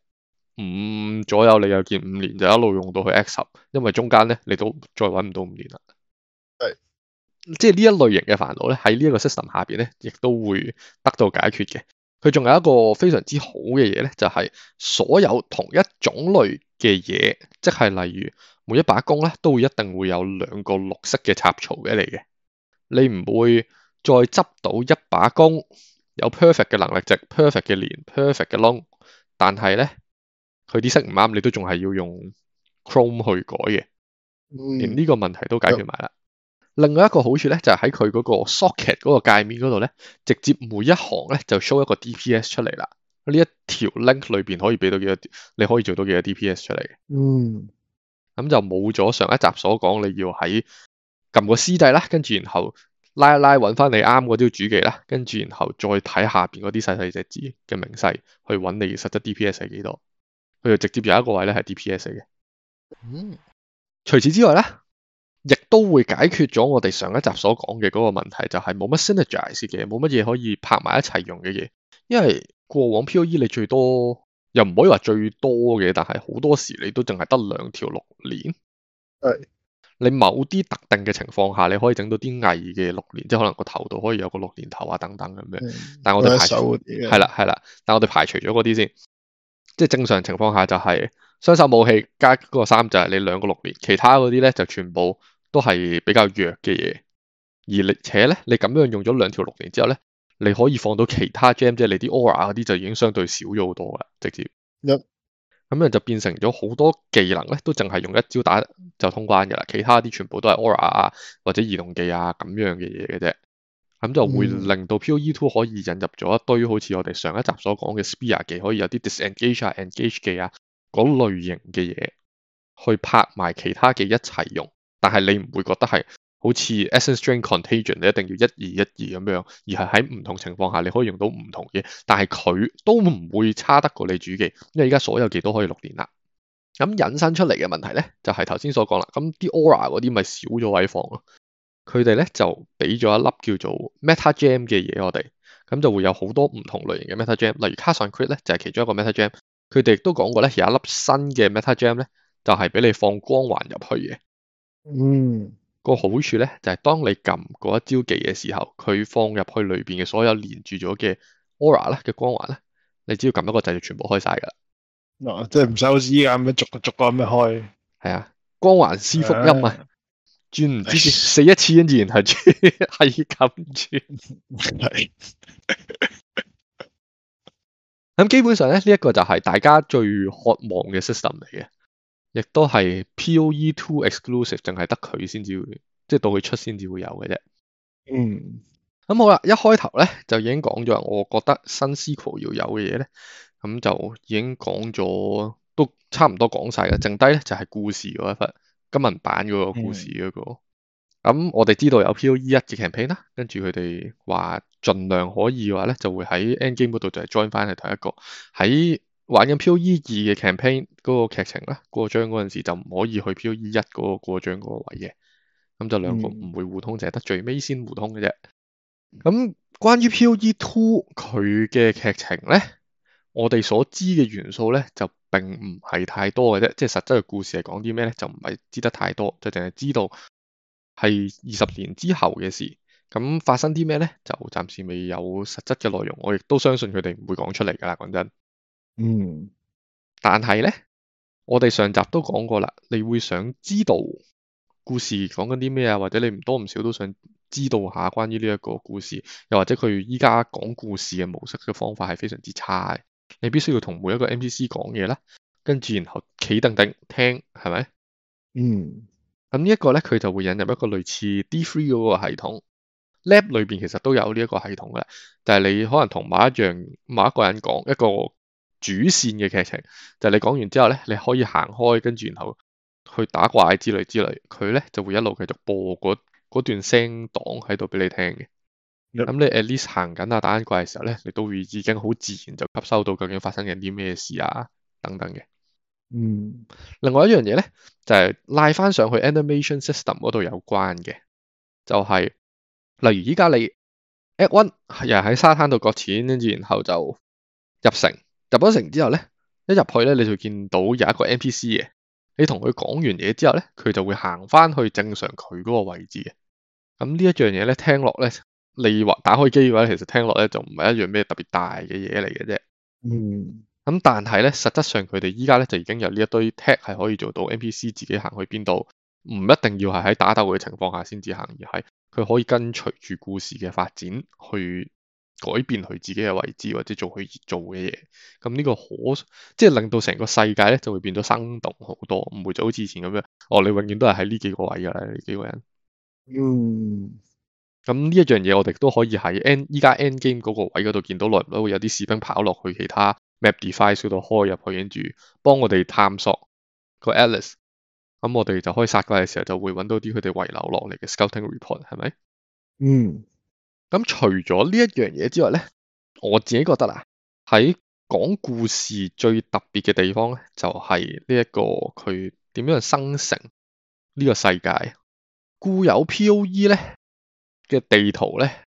五左右，你又見五連就一路用到去 X 十，因為中間咧你都再搵唔到五連啦。對即係呢一類型嘅煩惱咧，喺呢一個 system 下邊咧，亦都會得到解決嘅。佢仲有一個非常之好嘅嘢咧，就係、是、所有同一種類嘅嘢，即係例如每一把弓咧，都會一定會有兩個綠色嘅插槽嘅嚟嘅。你唔會再執到一把弓有 perfect 嘅能力值、perfect 嘅連、perfect 嘅窿，但係咧。佢啲色唔啱，你都仲係要用 Chrome 去改嘅，嗯、連呢個問題都解決埋啦。嗯、另外一個好處咧，就喺佢嗰個 socket 嗰個界面嗰度咧，直接每一行咧就 show 一個 DPS 出嚟啦。呢一條 link 裏邊可以俾到幾多？你可以做到幾多 DPS 出嚟嘅。嗯，咁就冇咗上一集所講，你要喺撳個師弟啦，跟住然後拉一拉，揾翻你啱嗰啲主機啦，跟住然後再睇下邊嗰啲細細隻字嘅名細，去揾你實質 DPS 係幾多？佢就直接有一個位咧係 DPS 嘅。嗯，除此之外咧，亦都會解決咗我哋上一集所講嘅嗰個問題，就係、是、冇乜 synergize 嘅，冇乜嘢可以拍埋一齊用嘅嘢。因為過往 POE 你最多又唔可以話最多嘅，但係好多時你都淨係得兩條六連。係是。你某啲特定嘅情況下，你可以整到啲偽嘅六連，即係可能個頭度可以有個六連頭啊，等等咁樣的。但係我哋排除。係啦係啦，但係我哋排除咗嗰啲先。即係正常情況下就係雙手武器加嗰個三就係你兩個六年，其他嗰啲咧就全部都係比較弱嘅嘢。而且咧，你咁樣用咗兩條六年之後咧，你可以放到其他 gem 即係你啲 Aura 嗰啲就已經相對少咗好多啦，直接一咁、嗯、樣就變成咗好多技能咧都淨係用一招打就通關噶啦，其他啲全部都係 Aura 啊或者移動技啊咁樣嘅嘢嘅啫。咁就會令到 POE2 可以引入咗一堆好似我哋上一集所講嘅 spear 技，可以有啲 disengage 啊 engage 技啊嗰類型嘅嘢去拍埋其他嘅一齊用。但係你唔會覺得係好似 essence drain contagion 你一定要一二一二咁樣，而係喺唔同情況下你可以用到唔同嘅。但係佢都唔會差得過你主技，因為而家所有技都可以六連啦。咁引申出嚟嘅問題咧，就係頭先所講啦。咁啲 Aura 嗰啲咪少咗位放咯。佢哋咧就俾咗一粒叫做 Meta Gem 嘅嘢我哋，咁就會有好多唔同類型嘅 Meta Gem，例如 Cast on Crit 咧就係其中一個 Meta Gem。佢哋亦都講過咧，有一粒新嘅 Meta Gem 咧，就係俾你放光環入去嘅。嗯，個好處咧就係當你撳嗰一招技嘅時候，佢放入去裏邊嘅所有連住咗嘅 Aura 咧嘅光環咧，你只要撳一個掣就全部開晒噶啦。嗱、啊，即係唔使好似依家啊，咁樣逐個逐個咁樣開。係啊，光環師福音啊。轉唔止，哎、呦死一次然係轉係咁轉，咁 基本上咧呢一，這個就係大家最渴望嘅 system 嚟嘅，亦都係 POE 2 exclusive 淨係得佢先至會，即係到佢出先至會有嘅啫。嗯，咁好啦，一開頭咧就已經講咗，我覺得新 school 要有嘅嘢咧，咁就已經講咗，都差唔多講晒嘅，剩低咧就係故事嗰一份。今文版嗰個故事嗰、那個，咁、mm. 嗯、我哋知道有 Poe 一嘅 campaign 啦，跟住佢哋話盡量可以嘅話咧，就會喺 Endgame 嗰度就係 join 翻係第一個，喺玩緊 Poe 二嘅 campaign 嗰個劇情啦，過章嗰陣時就唔可以去 Poe 一嗰個過章嗰個位嘅，咁、嗯、就兩個唔會互通，就係得最尾先互通嘅啫。咁、嗯 mm. 嗯、關於 Poe two 佢嘅劇情咧，我哋所知嘅元素咧就。並唔係太多嘅啫，即係實質嘅故事係講啲咩咧，就唔係知得太多，就淨係知道係二十年之後嘅事，咁發生啲咩咧，就暫時未有實質嘅內容。我亦都相信佢哋唔會講出嚟噶啦，講真。嗯。但係咧，我哋上集都講過啦，你會想知道故事講緊啲咩啊，或者你唔多唔少都想知道下關於呢一個故事，又或者佢依家講故事嘅模式嘅方法係非常之差嘅。你必須要同每一個 NPC 講嘢啦，跟住然後企定定聽，係咪？嗯。咁呢一個咧，佢就會引入一個類似 D3 嗰個系統。Lab 裏邊其實都有呢一個系統嘅，就係、係、你可能同某一樣某一個人講一個主線嘅劇情，就係、你講完之後咧，你可以行開，跟住然後去打怪之類之類，佢咧就會一路繼續播嗰段聲檔喺度俾你聽嘅。咁、嗯、 你 at least 行緊啊，打緊怪嘅時候咧，你都會已經好自然就吸收到究竟發生緊啲咩事啊，等等嘅。嗯，另外一樣嘢咧就係、是、拉翻上去 animation system 嗰度有關嘅，就係、是、例如依家你 at one 又喺沙灘度割錢，跟住然後就入城入咗城之後咧，一入去咧你就見到有一個 NPC 嘅，你同佢講完嘢之後咧，佢就會行翻去正常佢嗰個位置嘅。咁呢一樣嘢咧，聽落咧。你話打開機嘅話，其實聽落咧就唔係一樣咩特別大嘅嘢嚟嘅啫。嗯。咁但係咧，實質上佢哋依家咧就已經有呢一堆 tech 係可以做到 NPC 自己行去邊度，唔一定要係喺打鬥嘅情況下先至行，而係佢可以跟隨住故事嘅發展去改變佢自己嘅位置或者做佢做嘅嘢。咁呢個可即係令到成個世界咧就會變咗生動好多，唔會就好似以前咁樣，哦你永遠都係喺呢幾個位噶啦呢幾個人。嗯。咁呢一樣嘢，我哋都可以喺依家 Endgame 嗰個位嗰度見到來，都會有啲士兵跑落去其他 map device 嗰度開入去，跟住幫我哋探索個 Atlas。咁我哋就開殺怪嘅時候，就會搵到啲佢哋遺留落嚟嘅 scouting report，係咪？嗯。咁除咗呢一樣嘢之外咧，我自己覺得喇，喺講故事最特別嘅地方咧、這個，就係呢一個佢點樣生成呢個世界。固有 POE 咧。嘅地圖咧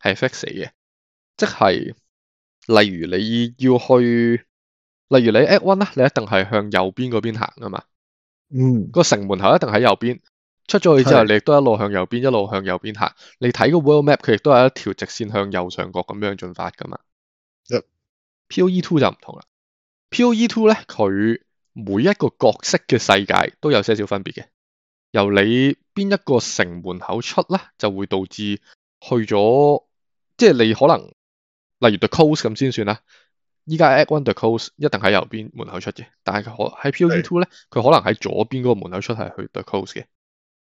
係 fix 嘅，即係例如你要去，例如你 act one 咧，你一定係向右邊嗰邊行㗎嘛。嗯，個城門口一定喺右邊，出咗去之後，你亦都一路向右邊，一路向右邊行。你睇個 world map，佢亦都係一條直線向右上角咁樣進發噶嘛。嗯、Poe two 就唔同啦。Poe two 咧，佢每一個角色嘅世界都有些少分別嘅，由你，邊一個城門口出咧，就會導致去咗，即係你可能，例如 The Coast 咁先算啦。依家 Act 1 The Coast 一定喺右邊門口出嘅，但係可喺 POE2 咧，佢的可能喺左邊嗰個門口出係去 The Coast 嘅。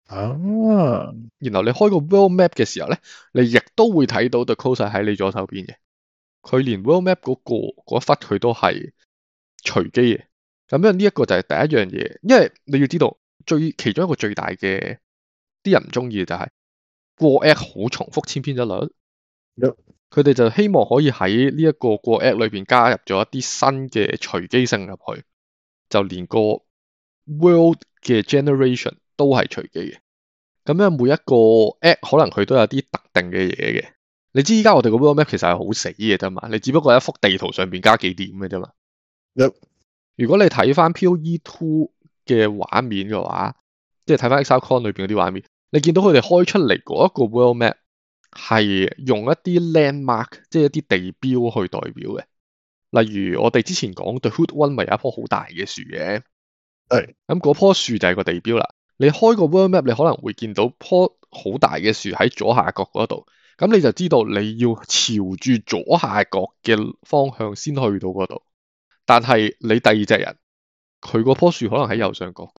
啊，然後你開個 world map 嘅時候咧，你亦都會睇到 The Coast 係喺你左手邊嘅。佢連 world map 嗰、那個嗰一忽佢都係隨機嘅。咁樣呢一、這個就係第一樣嘢，因為你要知道最其中一個最大嘅。啲人唔中意，就係個 app 好重複，千篇一律，佢哋 Yep. 就希望可以喺呢一個個 app 裏邊加入咗一啲新嘅隨機性入去，就連個 world 嘅 generation 都係隨機嘅。咁樣每一個 app 可能佢都有啲特定嘅嘢嘅。你知依家我哋個 world map 其實係好死嘅啫嘛，你只不過係一幅地圖上邊加幾點嘅啫嘛。Yep. 如果你睇翻 POE2 嘅畫面嘅話，即係睇翻 ExileCon 裏邊嗰啲畫面。你見到佢哋開出嚟嗰一個 world map 係用一啲 landmark，即係一啲地標去代表嘅。例如我哋之前講對 Hood One，咪有一棵好大嘅樹嘅。係，咁嗰棵樹就係個地標啦。你開個 world map，你可能會見到棵好大嘅樹喺左下角嗰度，咁你就知道你要朝住左下角嘅方向先去到嗰度。但係你第二隻人，佢嗰棵樹可能喺右上角。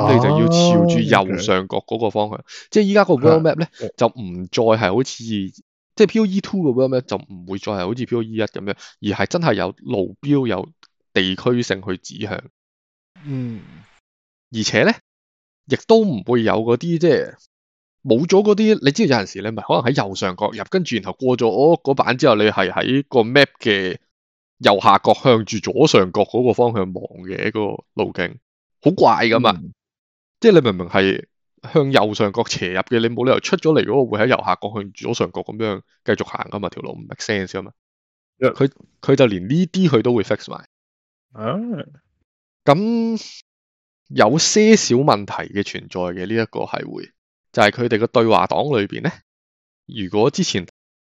咁你就要朝住右上角嗰個方向，Okay. 即係依家個 World Map 咧 Yeah. 就唔再係好似，即係 POE Two 嘅 World Map 就唔會再係好似 POE 一咁樣，而係真係有路標，有地區性去指向。嗯，mm. 而且咧，亦都唔會有嗰啲即係冇咗嗰啲，你知道有陣時咧咪可能喺右上角入，跟住然後過咗嗰個板之後，你係喺個 Map 嘅右下角向住左上角嗰個方向望嘅一個路徑，好怪噶嘛～、mm. 即係你明明係向右上角斜入嘅，你冇理由出咗嚟嗰個會喺右下角向左上角咁樣繼續行噶嘛？條路唔 make sense 啊嘛。佢佢 Yeah. 就連呢啲佢都會 fix 埋。啊 Yeah.，咁有些小問題嘅存在嘅呢一個係會，就係佢哋嘅對話檔裏邊咧。如果之前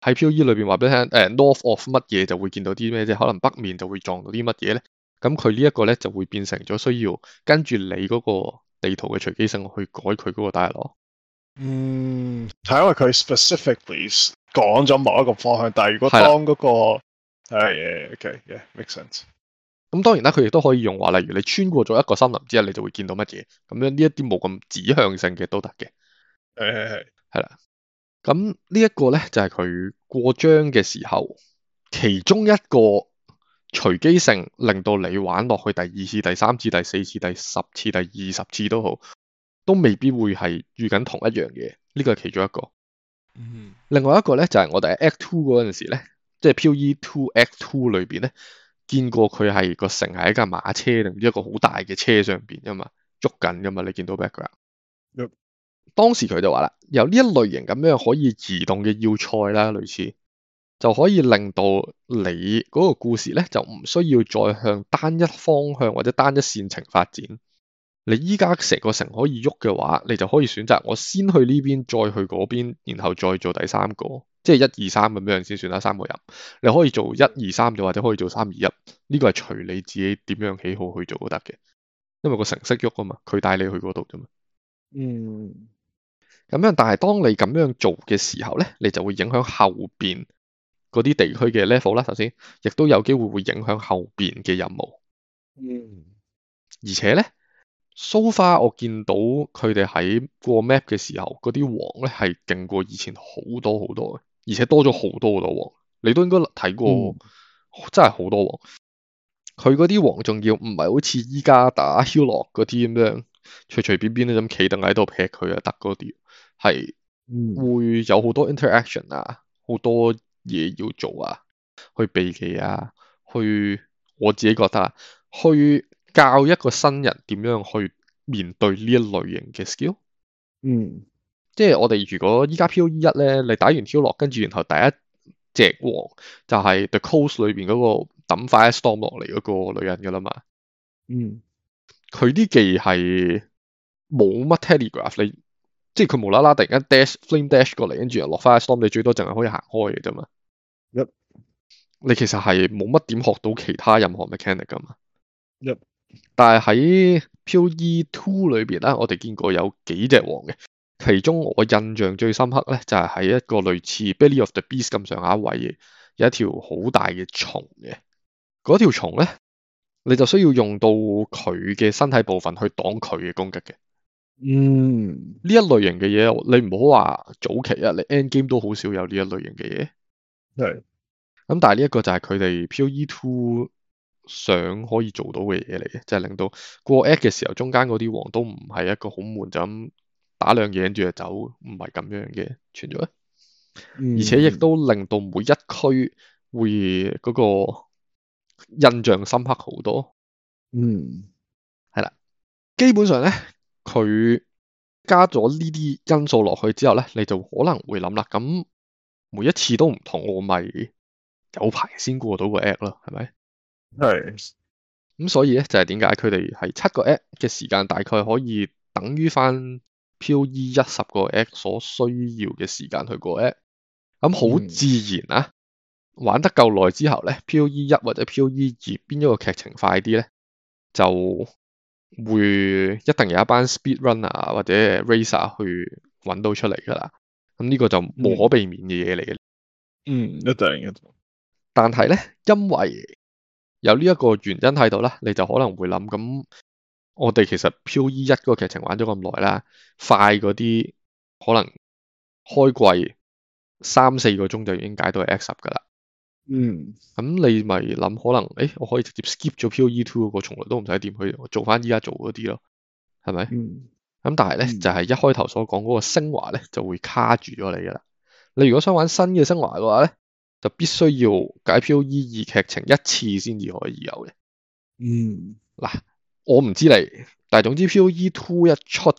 喺 P.O.E 裏邊話俾你聽，誒，North of 乜嘢就會見到啲咩啫？可能北面就會撞到啲乜嘢咧。咁佢呢一個咧就會變成咗需要跟住你嗰個。地圖嘅隨機性去改佢嗰個大日嗯，係因為佢 specifically 講咗某一個方向，但係如果當嗰、那個係，誒，OK，yeah，make 的、啊 yeah, okay, yeah, sense。咁當然啦，佢亦都可以用話，例如你穿過咗一個森林之後，你就會見到乜嘢，咁樣呢一啲冇咁指向性嘅都得嘅。係係係，係啦。咁呢一個咧就係、是、佢過章嘅時候，其中一個。隨機性令到你玩落去第二次、第三次、第四次、第十次、第十次、第二十次都好，都未必會係遇緊同一樣嘢。呢個係其中一個。Mm hmm. 另外一個咧就係、是、我哋喺 Act Two 嗰陣時咧，即係 POE Two Act Two 裏邊咧，見過佢係個城係一架馬車定一個好大嘅車上邊噶嘛，捉緊噶嘛。你見到 background？Yep. 當時佢就話啦，有呢一類型咁樣可以移動嘅要塞啦，類似。就可以令到你嗰個故事咧，就唔需要再向單一方向或者單一線程發展。你依家成個城可以喐嘅話，你就可以選擇我先去呢邊，再去嗰邊，然後再做第三個，即係一二三咁樣先選擇三個人。你可以做一二三，就或者可以做三二一。呢個係隨你自己點樣喜好去做都得嘅，因為個城識喐啊嘛，佢帶你去嗰度啫嘛。嗯。咁樣，但係當你咁樣做嘅時候咧，你就會影響後邊。嗰啲地區嘅 level 啦、啊，首先，亦都有機會會影響後邊嘅任務。嗯。而且咧，蘇、so、far 我見到佢哋喺過 map 嘅時候，嗰啲王咧係勁過以前好多好多，而且多咗好多好多王喎。你都應該睇過，嗯、真係好多王。佢嗰啲王仲要唔係好似依家打 Hillock 嗰啲咁樣，隨隨便便咁企定喺度劈佢就、啊、得嗰啲，係會有好多 interaction 啊，好多。嘢要做啊，去避忌啊，去我自己覺得，啊，去教一個新人點樣去面對呢一類型嘅 skill。嗯，即係我哋如果依家 P.O.E 一咧，你打完挑落，跟住然後第一隻王就係 The Coast 裏邊嗰、嗰個抌 firestorm 落嚟嗰個女人噶啦嘛。嗯，佢啲技係冇乜 telegraph 嘅啊，你。即係佢無啦啦，突然間 flame dash 過嚟，跟住又落翻個 storm，你最多淨係可以行開嘅啫嘛。一 Yep. 你其實係冇乜點學到其他任何 mechanic 噶嘛。一 Yep. 但係喺 POE two 裏邊咧，我哋見過有幾隻王嘅，其中我印象最深刻咧就係、是、喺一個類似 belly of the beast 咁上下位，嘅，有一條好大嘅蟲嘅。嗰條蟲咧，你就需要用到佢嘅身體部分去擋佢嘅攻擊嘅。嗯，呢一類型嘅嘢，你唔好話早期啊，你 end game 都好少有呢一類型嘅嘢。係的，咁、嗯、但係呢一個就係佢哋 POE2 想可以做到嘅嘢嚟嘅，即、就、係、是、令到過 act 嘅時候中間嗰啲王都唔係一個好悶，就咁打兩嘢跟住就走，唔係咁樣嘅存在。嗯、而且亦都令到每一區會嗰個印象深刻好多。嗯，係啦，基本上咧。佢加咗呢啲因素落去之後咧，你就可能會諗啦。咁每一次都唔同，我咪有排先過到個 act 咯，係咪？係是。咁所以咧，就係點解佢哋係七個 act 嘅時間，大概可以等於翻 POE 一十個 act 所需要嘅時間去過 act。咁好自然啊！嗯、玩得夠耐之後咧，POE 一或者 POE 二邊一個劇情快啲咧，就。會一定有一班 speed runner 或者 racer 去揾到出嚟噶啦，咁呢個就無可避免嘅嘢嚟嘅。嗯，一定一定。但係咧，因為有呢一個原因喺度啦，你就可能會諗，咁我哋其實 POE 1嗰個劇情玩咗咁耐啦，快嗰啲可能開季三四個鐘就已經解到 X 十噶啦。嗯，咁你咪諗可能誒、欸，我可以直接 skip 咗 P.O.E. Two 嗰個，從來都唔使掂佢，做翻依家做嗰啲咯，係咪？嗯，咁但係咧、嗯、就係一開頭所講嗰個升華咧就會卡住咗你噶啦。你如果想玩新嘅升華嘅話咧，就必須要解 P.O.E. 二劇情一次先至可以有嘅。嗯，嗱，我唔知你，但係總之 P.O.E. Two 一出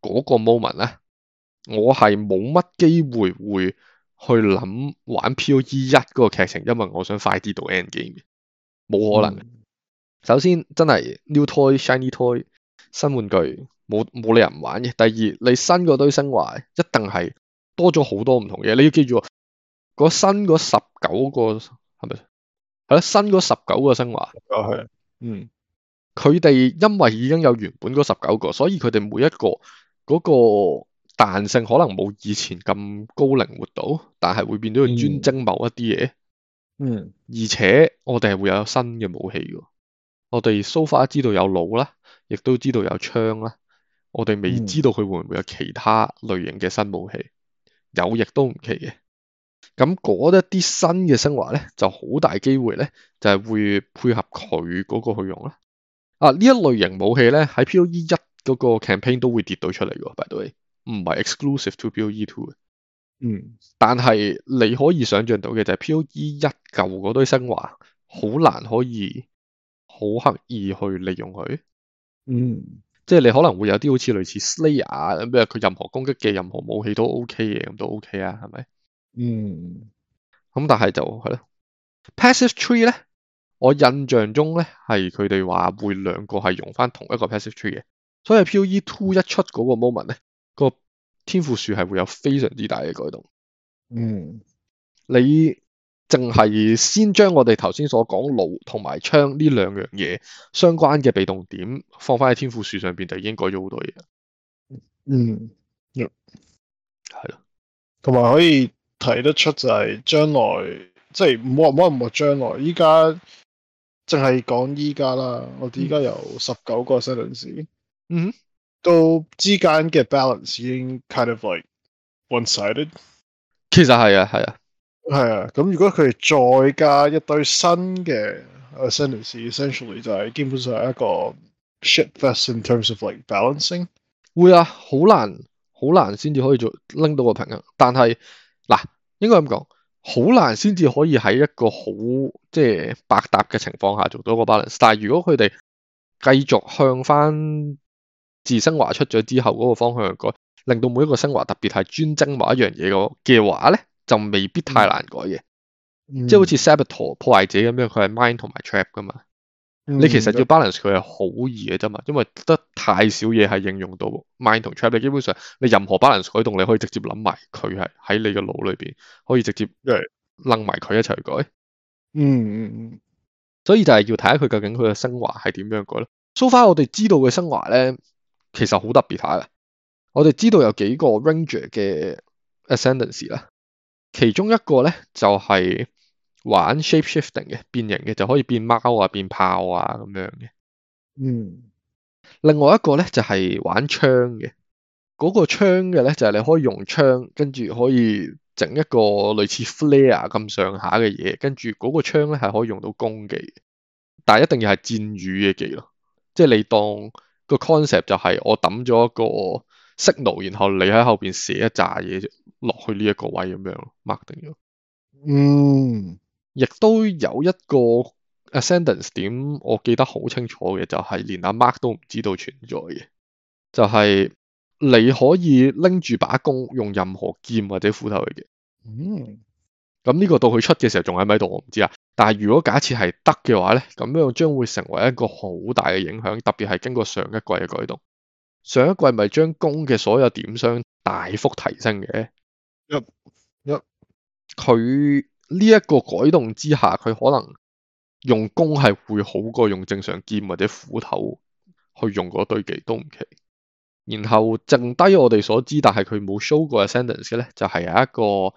嗰個 moment 咧，我係冇乜機會會。去諗玩 P. O. E. 一嗰個劇情，因為我想快啲到 endgame，冇可能。嗯、首先真係 new toy shiny toy 新玩具，冇冇理由唔玩嘅。第二，你新嗰堆升華一定係多咗好多唔同嘢。你要記住，嗰新嗰十九個係咪係咯？新嗰十九個升華，係、哦、嗯，佢哋因為已經有原本嗰十九個，所以佢哋每一個嗰、嗰個。彈性可能冇以前咁高靈活度，但係會變咗去專精某一啲嘢。嗯。Mm. Mm. 而且我哋係會有新嘅武器㗎。我哋 so far 知道有弩啦，亦都知道有槍啦。我哋未知道佢會唔會有其他類型嘅新武器，有亦都唔奇嘅。咁嗰一啲新嘅升華咧，就好大機會咧，就係會配合佢嗰個去用啦。啊，呢一類型武器咧，喺 POE1 嗰個 campaign 都會跌到出嚟㗎，by the way。唔係 exclusive to POE Two 嘅，嗯，但係你可以想象到嘅就係 POE 一嚿嗰堆升華好難可以好刻意去利用佢，嗯，即係你可能會有啲好似類似 Slayer 咁咩，佢任何攻擊嘅任何武器都 OK 嘅，咁都 OK 啊，係咪？嗯，咁但係就係咯，passive tree 咧，我印象中咧係佢哋話會兩個係用翻同一個 passive tree 嘅，所以 POE Two 一出嗰個 moment 咧、嗯。 個天賦樹係會有非常之大嘅改動。嗯，你淨係先將我哋頭先所講弩同埋槍呢兩樣嘢相關嘅被動點放翻喺天賦樹上邊，就已經改咗好多嘢、嗯。嗯，係、嗯、咯，同埋的可以睇得出就係將來，即係唔好話唔好話將來，依家淨係講依家啦。我哋依家有十九個新輪次。嗯。到之間嘅 balance 已經 kind of like one-sided，其實係啊，係啊，係啊。咁如果佢哋再加一堆新嘅，essential 是 essentially 就係，基本上係一個 shift fest in terms of like balancing。會啊，好難，好難先至可以做拎到個平衡。但係嗱，應該咁講，好難先至可以喺一個好即係百搭嘅情況下做到個 balance。但係如果佢哋繼續向翻。自昇華出咗之後嗰個方向去改，令到每一個昇華特別係專精某一樣嘢嘅嘅話咧，就未必太難改嘅。嗯、即係好似 Saboteur 破壞者咁樣，佢係 mine 同埋 trap 㗎嘛。嗯、你其實要 balance 佢係好易嘅啫嘛，因為得太少嘢係應用到 mine 同 trap。你基本上你任何 balance 改動，你可以直接諗埋佢係喺你嘅腦裏邊，可以直接掕埋佢一齊改。嗯嗯嗯。所以就係要睇下佢究竟佢嘅昇華係點樣改咯。So far 我哋知道嘅昇華咧。其實好特別下嘅，我哋知道有幾個 ranger 嘅 ascendancy 啦，其中一個咧就係玩 shape shifting 嘅變形嘅，就可以變貓啊變豹啊咁樣嘅。嗯，另外一個咧就係玩槍嘅，嗰個槍嘅咧就係你可以用槍，跟住可以整一個類似 flare 咁上下嘅嘢，跟住嗰個槍咧係可以用到弓技，但係一定要係箭雨嘅技咯，即係你當。個 concept 就係我抌咗一個 signal，然後你喺後邊寫一揸嘢落去呢一個位咁樣，Mark 定咗。嗯，亦都有一個 ascendance 點，我記得好清楚嘅就係、是、連阿 Mark 都唔知道存在嘅，就係、是、你可以拎住把弓，用任何劍或者斧頭嚟嘅。嗯。Mm. 咁呢個到佢出嘅時候仲喺咪度，我唔知啊。但係如果假設係得嘅話咧，咁樣將會成為一個好大嘅影響，特別係經過上一季嘅改動。上一季咪將弓嘅所有點傷大幅提升嘅。佢呢一個改動之下，佢可能用弓係會好過用正常劍或者斧頭去用嗰堆技都唔奇。然後剩低我哋所知，但係佢冇 show 過嘅 Ascendancy 咧，就係有一個。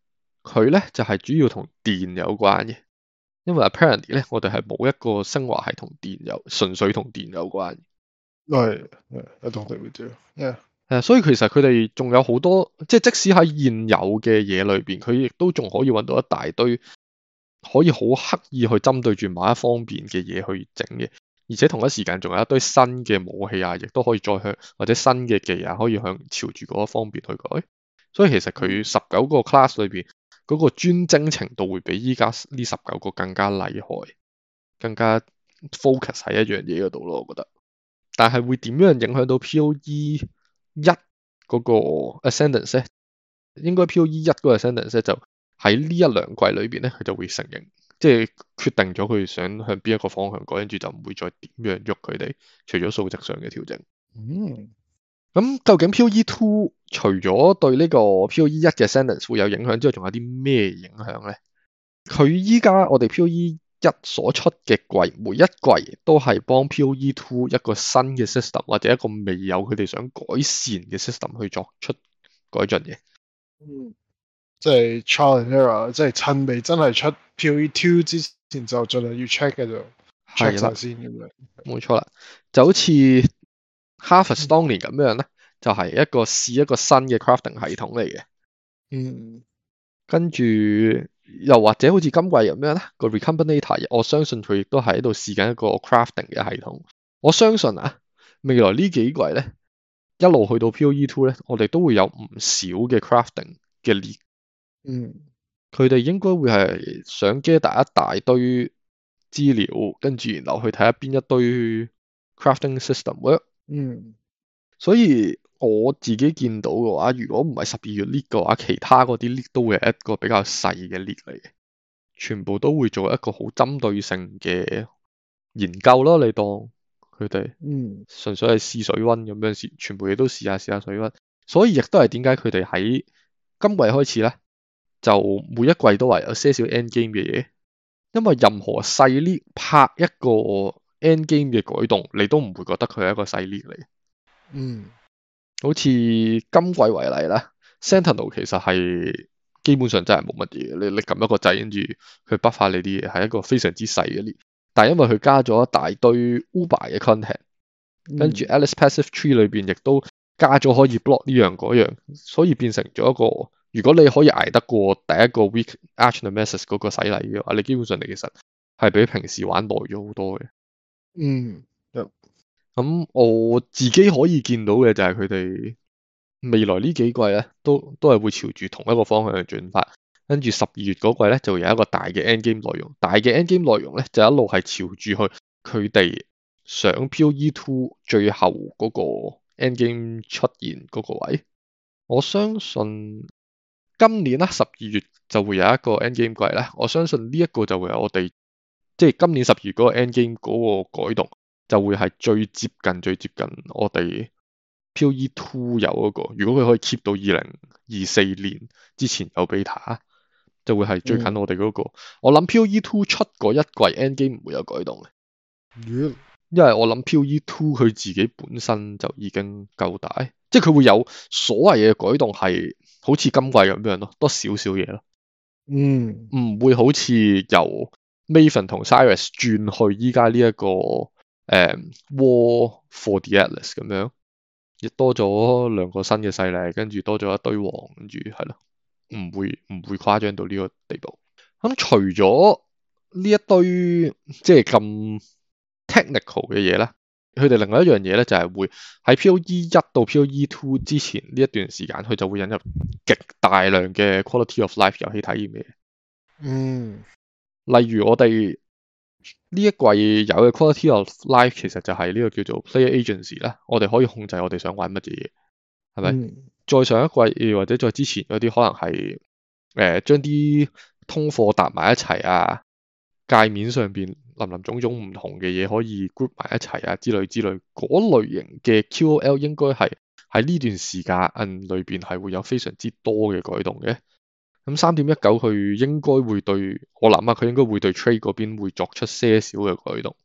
佢咧就係、是、主要同電有關嘅，因為 apparently 咧我哋係冇一個升華係同電有純粹同電有關嘅，係誒，I don't think we do，係啊，所以其實佢哋仲有好多，即係即使喺現有嘅嘢裏邊，佢亦都仲可以揾到一大堆可以好刻意去針對住某一方面嘅嘢去整嘅，而且同一時間仲有一堆新嘅武器啊，亦都可以再向或者新嘅技啊，可以向朝住嗰一方面去改，所以其實佢十九個 class 裏邊。嗰個專精程度會比而家呢十九個更加厲害，更加 focus 喺一樣嘢嗰度咯，我覺得。但係會點樣影響到 POE 一嗰個 ascendence 咧？應該 POE 一嗰個 ascendence 就喺呢一兩季裏邊咧，佢就會承認，即係決定咗佢想向邊一個方向改，跟住就唔會再點樣喐佢哋，除咗數值上嘅調整。嗯。咁究竟 P O E Two 除咗對呢個 P O E 一嘅 sentence 會有影響之外，仲有啲咩影響咧？佢依家我哋 P O E 一所出嘅季，每一季都係幫 P O E Two 一個新嘅 system 或者一個未有佢哋想改善嘅 system 去作出改進嘅。嗯，即係 trial and error，即係趁未真係出 P O E Two 之前，就盡量要 check 嘅就係啦的，先咁了樣，冇錯啦，就好似。Harvest 當年咁樣咧，就係一個試一個新嘅 crafting 系統嚟嘅。嗯 ，跟住又或者好似今季又咩咧？個 recombinator，我相信佢亦都係喺度試緊一個 crafting 嘅系統。我相信啊，未來呢幾季咧，一路去到 Poe Two 咧，我哋都會有唔少嘅 crafting 嘅列。嗯， 佢哋應該會係想 gather 一大堆資料，跟住然後去睇下邊一堆 crafting system。嗯，mm. 所以我自己見到嘅話，如果唔係十二月呢個話，其他嗰啲 league 都會係一個比較細嘅列嚟嘅。全部都會做一個好針對性嘅研究咯。你當佢哋，嗯，純粹係試水温咁樣，試，全部嘢都試下，試下水温。所以亦都係點解佢哋喺今季開始咧，就每一季都係有些少 end game 嘅嘢，因為任何細 league 拍一個。Endgame 嘅改動，你都唔會覺得佢係一個細裂嚟。嗯，好似今季為例啦，《Sentinel》其實係基本上真係冇乜嘢，你你撳一個掣跟住佢 buff 你啲嘢，係一個非常之細嘅列。但係因為佢加咗一大堆 Uber 嘅 content，嗯、跟住《Atlas Passive Tree》裏邊亦都加咗可以 block 呢樣嗰樣，所以變成咗一個如果你可以捱得過第一個 week Arch Nemesis 嗰個洗禮嘅話，啊，你基本上你其實係比平時玩耐咗好多嘅。嗯，咁、嗯嗯、我自己可以見到嘅就係佢哋未來呢幾季咧，都都係會朝住同一個方向去轉發，跟住十二月嗰季咧就有一個大嘅 end game 內容，大嘅 end game 內容咧就一路係朝住去佢哋想 POE2 最後嗰個 end game 出現嗰個位，我相信今年啦，十二月就會有一個 end game 季咧，我相信呢一個就會有我哋。即係今年十二嗰個 N 機嗰個改動就會係最接近最接近我哋 P.U.E.Two、e、有一、那個。如果佢可以 keep 到二零二四年之前有 beta，就會係最近我哋嗰、那個。嗯、我諗 P.U.E.Two、e、出嗰一季 N 機唔會有改動嘅，嗯、因為我諗 P.U.E.Two 佢自己本身就已經夠大，即係佢會有所有嘅改動係好似今季咁樣咯，多少少嘢咯。嗯，唔會好似由。Maven 同 Cyrus 轉去依家呢一個誒、嗯、War for the Atlas 咁樣，亦多咗兩個新嘅勢力，跟住多咗一堆王，跟住係咯，唔會唔會誇張到呢個地步。咁、嗯、除咗呢一堆即係咁 technical 嘅嘢咧，佢哋另外一樣嘢咧就係會喺 Poe 一到 Poe two 之前呢一段時間，佢就會引入極大量嘅 Quality of Life 遊戲體驗嘅。嗯。例如我哋呢一季有嘅 Quality of Life 其實就係呢個叫做 Player Agency 啦，我哋可以控制我哋想玩乜嘢，係咪？嗯、再上一季或者再之前嗰啲可能係誒將啲通貨搭埋一齊啊，界面上邊林林總總唔同嘅嘢可以 group 埋一齊啊之類之類，嗰類型嘅 QOL 應該係喺呢段時間嗯裏邊係會有非常之多嘅改動嘅。咁三點一九佢應該會對，我諗下、啊，佢應該會對 trade 嗰邊會作出些少嘅舉動。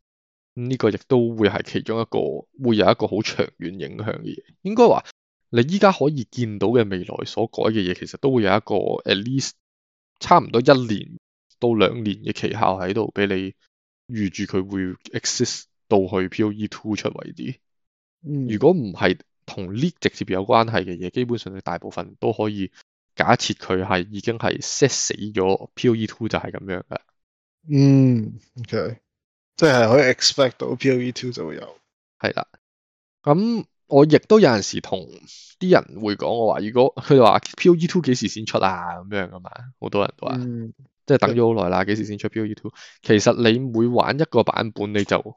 呢、嗯呢個亦都會係其中一個會有一個好長遠影響嘅嘢。應該話你依家可以見到嘅未來所改嘅嘢，其實都會有一個 at least 差唔多一年到兩年嘅期效喺度，俾你預住佢會 exist 到去 POE2 出為止。嗯、如果唔係同呢直接有關係嘅嘢，基本上你大部分都可以。假設佢係已經係 set 死咗 Poe Two 就係咁樣嘅，嗯，OK，即係可以 expect 到 Poe Two 就會有，係啦，咁我亦都有陣時同啲人會講我話，如果佢哋話 Poe Two 幾時先出啊咁樣噶嘛，好多人都話，嗯、即係等咗好耐啦，幾時先出 Poe Two？其實你每玩一個版本你就，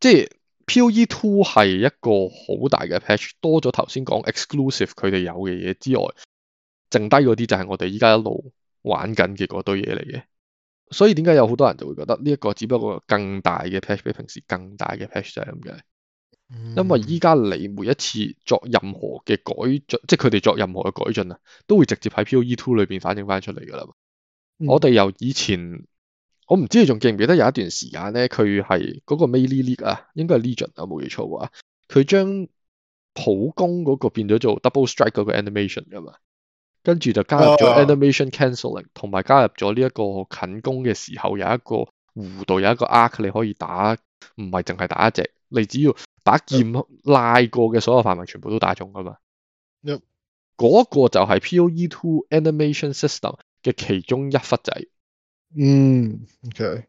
即係 Poe Two 係一個好大嘅 patch，多咗頭先講 exclusive 佢哋有嘅嘢之外。剩低嗰啲就係我哋依家一路玩緊嘅嗰堆嘢嚟嘅，所以點解有好多人就會覺得呢一個只不過有更大嘅 patch，比平時更大嘅 patch 就係咁嘅。因為依家你每一次作任何嘅改進，即係佢哋作任何嘅改進啊，都會直接喺 Poe Two 裏邊反映翻出嚟㗎啦。我哋由以前，我唔知你仲記唔記得有一段時間咧，佢係嗰個 Melee League 啊，應該係 Legion 啊，冇錯啊，佢將普攻嗰個變咗做 Double Strike 嗰個 animation 㗎嘛。跟住就加入咗 animation cancelling 同埋加入咗呢一個近攻嘅時候有一個弧度，有一個 arc 你可以打，唔係淨係打一隻，你只要把劍拉過嘅所有範圍全部都打中噶嘛。嗰 Yeah. 個就係 Poe Two Animation System 嘅其中一忽仔。嗯、mm,，OK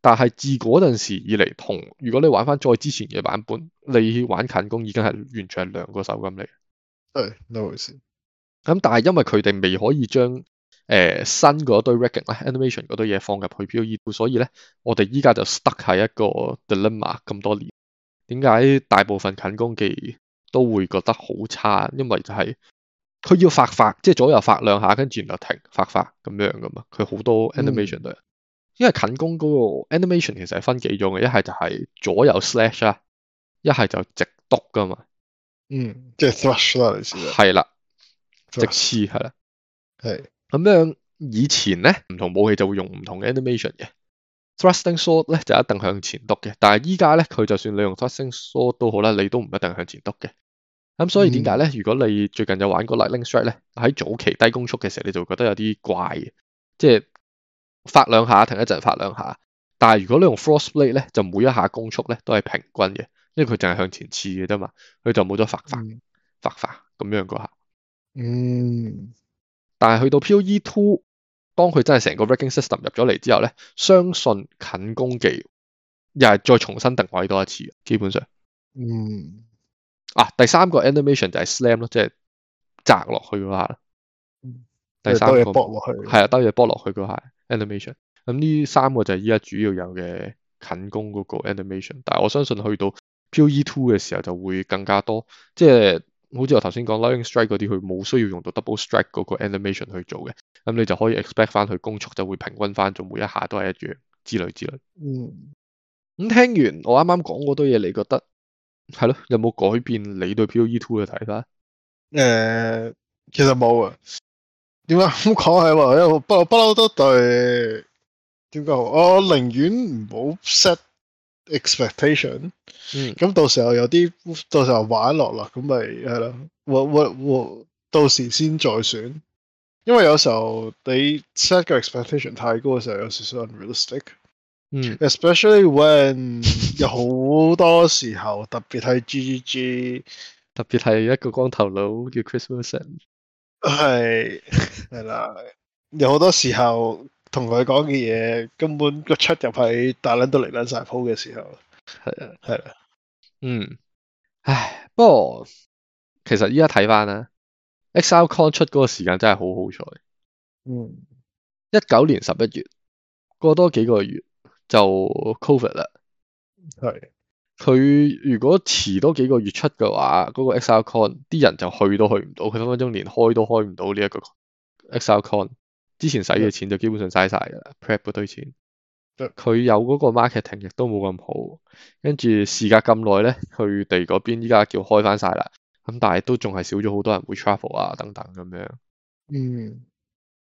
但。但係自嗰陣時以嚟同，如果你玩翻再之前嘅版本，你玩近攻已經係完全係兩個手感嚟。係，冇錯。咁但係因為佢哋未可以將誒、呃、新嗰堆 recording 咧 animation 嗰堆嘢放入去 PoE 2，所以咧我哋依家就 stuck 喺一個 dilemma 咁多年。點解大部分近攻技都會覺得好差？因為就係佢要發發，即係左右發兩下，跟住然後停，發發咁樣噶嘛。佢好多 animation 都係，嗯、因為近攻嗰個 animation 其實係分幾種嘅，一係就係左右 slash 啊，一係就直督噶嘛。嗯，即係 slash 啦，你知啦。係啦。即黐係啦，係咁的樣，以前咧，唔同武器就會用唔同嘅 animation 嘅。Thrusting sword 咧就一定向前督嘅，但係依家咧佢就算你用 Thrusting sword 都好啦，你都唔一定向前督嘅。咁、嗯、所以點解咧？如果你最近有玩過 Lightning Strike 咧，喺早期低攻速嘅時候，你就會覺得有啲怪嘅，即、就、係、是、發兩下，停一陣，發兩下。但係如果你用 Frost Blade 咧，就每一下攻速咧都係平均嘅，因為佢淨係向前刺嘅啫嘛，佢就冇咗發發、嗯、發發咁樣個下。嗯，但係去到 Poe Two，當佢真係成個 rigging system 入咗嚟之後咧，相信近攻技又係再重新定位多一次，基本上。嗯，啊，第三個 animation 就係 slam 咯，即係砸落去嗰下。嗯，第三個。係啊，嗯、多嘢搏落去嗰下去 animation。咁、嗯、呢三個就係依家主要有嘅近攻嗰個 animation，但係我相信去到 Poe Two 嘅時候就會更加多，即係。好似我頭先講 lowering strike 嗰啲，佢冇需要用到 double strike 嗰個 animation 去做嘅，咁、嗯、你就可以 expect 翻佢攻速就會平均翻，做每一下都係一樣之類之類。嗯，咁聽完我啱啱講嗰多嘢，你覺得係咯、嗯？有冇改變你對 Poe Two 嘅睇法？誒、呃，其實冇啊。點解咁講係喎？因為不嬲不嬲都對，點講？我寧願唔好 set expectation，咁到時候有啲，到時候玩落啦，咁咪係咯，我我我到時先再選。因為有時候你 set 個 expectation 太高嘅時候有少少 unrealistic，especially when 有好多時候，特別係 GGG，特別係一個光頭佬叫 Christmas，係係啦，有好多時候。同佢講嘅嘢，根本個出入喺大捻都嚟捻晒鋪嘅時候，係啊的，係啊的。嗯，唉，不過其實依家睇翻啦，ExileCon 出嗰個時間真係好好彩，嗯，一九年十一月過多幾個月就 COVID 啦，係的，佢如果遲多幾個月出嘅話，嗰個 ExileCon 啲人就去都去唔到，佢分分鐘連開都開唔到呢一個 ExileCon。之前使嘅錢就基本上嘥晒㗎啦，prep 嗰堆錢，佢有嗰個 marketing 亦都冇咁好，跟住時隔咁耐咧，佢哋嗰邊依家叫開翻晒啦，咁但係都仲係少咗好多人會 travel 啊等等咁樣。嗯。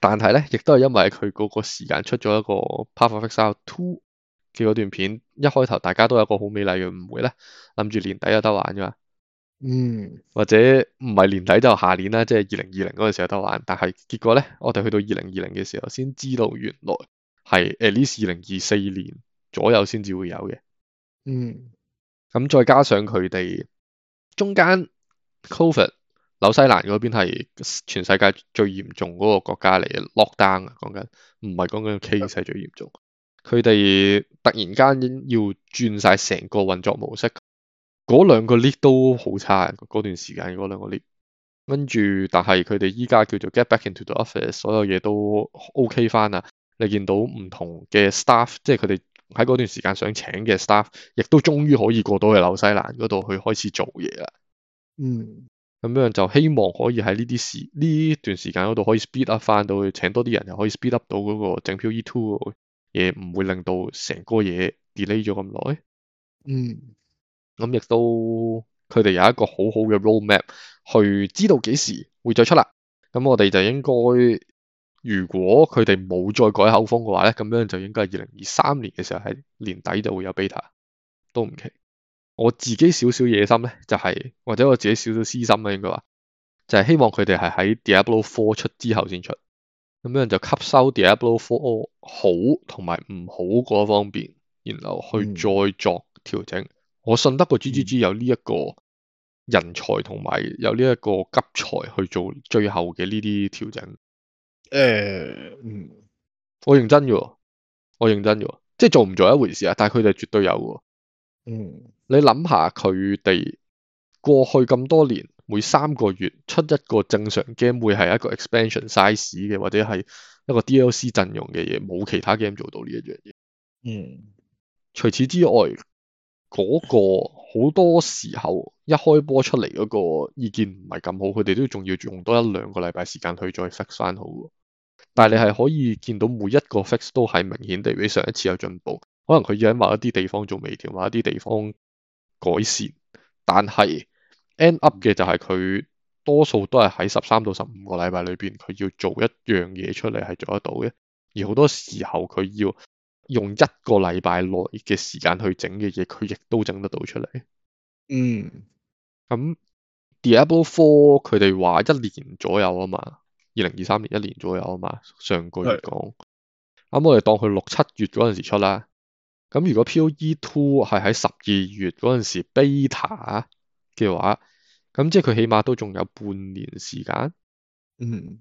但係咧，亦都係因為佢嗰個時間出咗一個《Path of Exile 2》嘅嗰段片，一開頭大家都有個好美麗嘅誤會咧，諗住年底有得玩咋嘛。嗯，或者唔係年底就下年啦，即係二零二零嗰陣時有得玩，但係結果咧，我哋去到二零二零嘅時候，先知道原來係 at least 二零二四年左右先至會有嘅。嗯，咁再加上佢哋中間，Covid 紐西蘭嗰邊係全世界最嚴重嗰個國家嚟嘅 lockdown 啊，講緊唔係講緊 case 係最嚴重，佢哋突然間要轉晒成個運作模式。嗰兩個 lead 都好差，嗰段時間嗰兩個 lead，跟住但係佢哋依家叫做 get back into the office，所有嘢都 OK 翻啦。你見到唔同嘅 staff，即係佢哋喺嗰段時間想請嘅 staff，亦都終於可以過到去紐西蘭嗰度去開始做嘢啦。嗯，咁樣就希望可以喺呢啲時呢段時間嗰度可以 speed up 翻到去請多啲人，又可以 speed up 到嗰個整 POE2 嘢，唔會令到成個嘢 delay 咗咁耐。嗯。咁亦都佢哋有一個好好嘅 roadmap，去知道幾時會再出啦。咁我哋就應該，如果佢哋冇再改口風嘅話咧，咁樣就應該係二零二三年嘅時候喺年底就會有 beta，都唔奇。我自己少少野心咧、就係，就係或者我自己少少私心啦，應該話，就係、係、希望佢哋係喺 Diablo Four 出之後先出，咁樣就吸收 Diablo Four 好同埋唔好嗰方面，然後去再作調整。我信得過 GGG 有呢一個人才同埋有呢一個急才去做最後嘅呢啲調整。誒，嗯，我認真嘅喎，我認真嘅喎，即係做唔做一回事啊？但係佢哋絕對有喎。嗯。你諗下佢哋過去咁多年每三個月出一個正常 game 會係一個 expansion size 嘅，或者係一個 DLC 陣容嘅嘢，冇其他 game 做到呢一樣嘢。嗯。除此之外。嗰個好多時候一開波出嚟嗰個意見唔係咁好，佢哋都仲要用多一兩個禮拜時間去再 fix 翻好。但係你係可以見到每一個 fix 都係明顯地比上一次有進步，可能佢要喺某一啲地方做微調，某一啲地方改善。但係 end up 嘅就係佢多數都係喺十三到十五個禮拜裏邊，佢要做一樣嘢出嚟係做得到嘅。而好多時候佢要。用一個禮拜內嘅時間去整嘅嘢，佢亦都整得到出嚟。嗯，咁《Diablo Four》佢哋話一年左右啊嘛，二零二三年一年左右啊嘛。上個月講，啱是我哋當佢六七月嗰陣時出啦。咁如果 P.O.E Two 係喺十二月嗰陣時 beta 嘅話，咁即係佢起碼都仲有半年時間。嗯，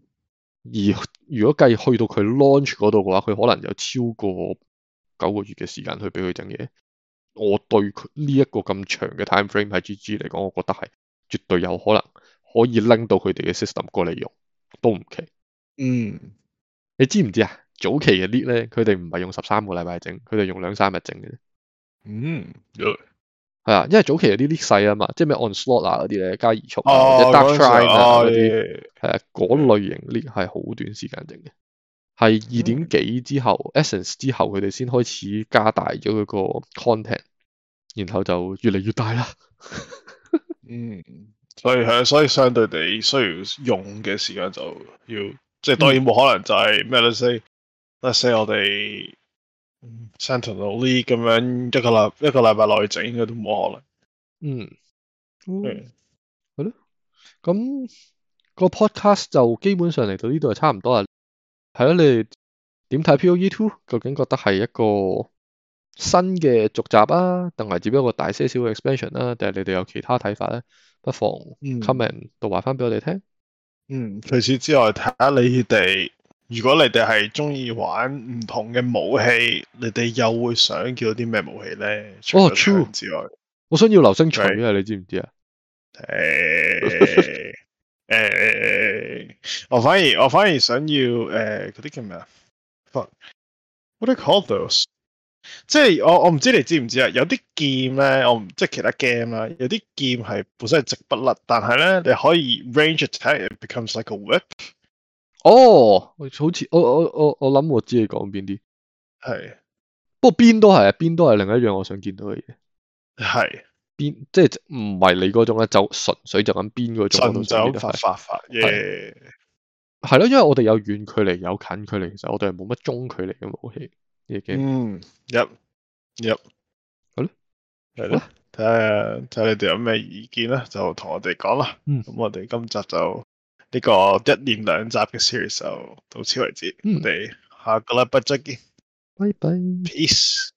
而如果計去到佢 launch 嗰度嘅話，佢可能有超過。九個月嘅時間去俾佢整嘢。我對呢一個咁長嘅 time frame 喺 GGG 嚟講，我覺得係絕對有可能可以拎到佢哋嘅 system 過嚟用都唔奇。嗯，你知唔知啊？早期嘅 league 咧，佢哋唔係用十三個禮拜整，佢哋用兩三日整嘅，嗯。嗯，係啊，因為早期嘅 league 細啊嘛，即係咪 onslaught 啊嗰啲咧，加移速啊 dark shrine 啊嗰啲，係啊，嗰類型 league 係好短時間整嘅。係二點幾之後，essence 之後，佢哋先開始加大咗佢個 content，然後就越嚟越大啦。嗯，所以係，所以相對地需要用嘅時間就要，即係當然冇可能就係咩咧？say，say 我哋 Sentinel 咁樣一個禮一個禮拜內整，應該都冇可能。嗯，係，係咯，咁個 podcast 就基本上嚟到呢度係差唔多啦。係咯，你哋點睇 POE2？究竟覺得係一個新嘅續集啊，定係只不過大些少嘅 expansion 啦，啊？定係你哋有其他睇法咧？不妨 comment 都嗯 comment 度話翻俾我哋聽。嗯，除此之外，睇下你哋，如果你哋係中意玩唔同嘅武器，你哋又會想叫啲咩武器咧？哦，oh,，true 之外，我想要流星錘啊，Right. 你知唔知啊？誒～Hey. 誒、欸，我反而我反而想要誒，嗰啲叫咩啊？What do you call those？即係我我唔知你知唔知啊？有啲劍咧，我唔即係其他 game 啦，有啲劍係本身係直不甩，但係咧你可以 range it to time, it to tell becomes like a whip、oh。哦，好似我我我我諗我，我知你講邊啲。係，不過邊都係啊，邊都係另一樣我想見到嘅嘢。係。邊即係唔係你嗰種咧，就純粹就咁邊嗰種。就純粹邊個種。走法法係咯，因為我哋有遠距離，有近距離，其實我哋係冇乜中距離嘅武器。已、這、經、個 mm, yep, yep. 嗯，入入好啦，係啦，睇下睇下你哋有咩意見啦，就同我哋講啦。咁我哋今集就呢、這個一連兩集嘅 series 就到此為止。嗯、我哋下一個禮拜再見，拜拜，peace。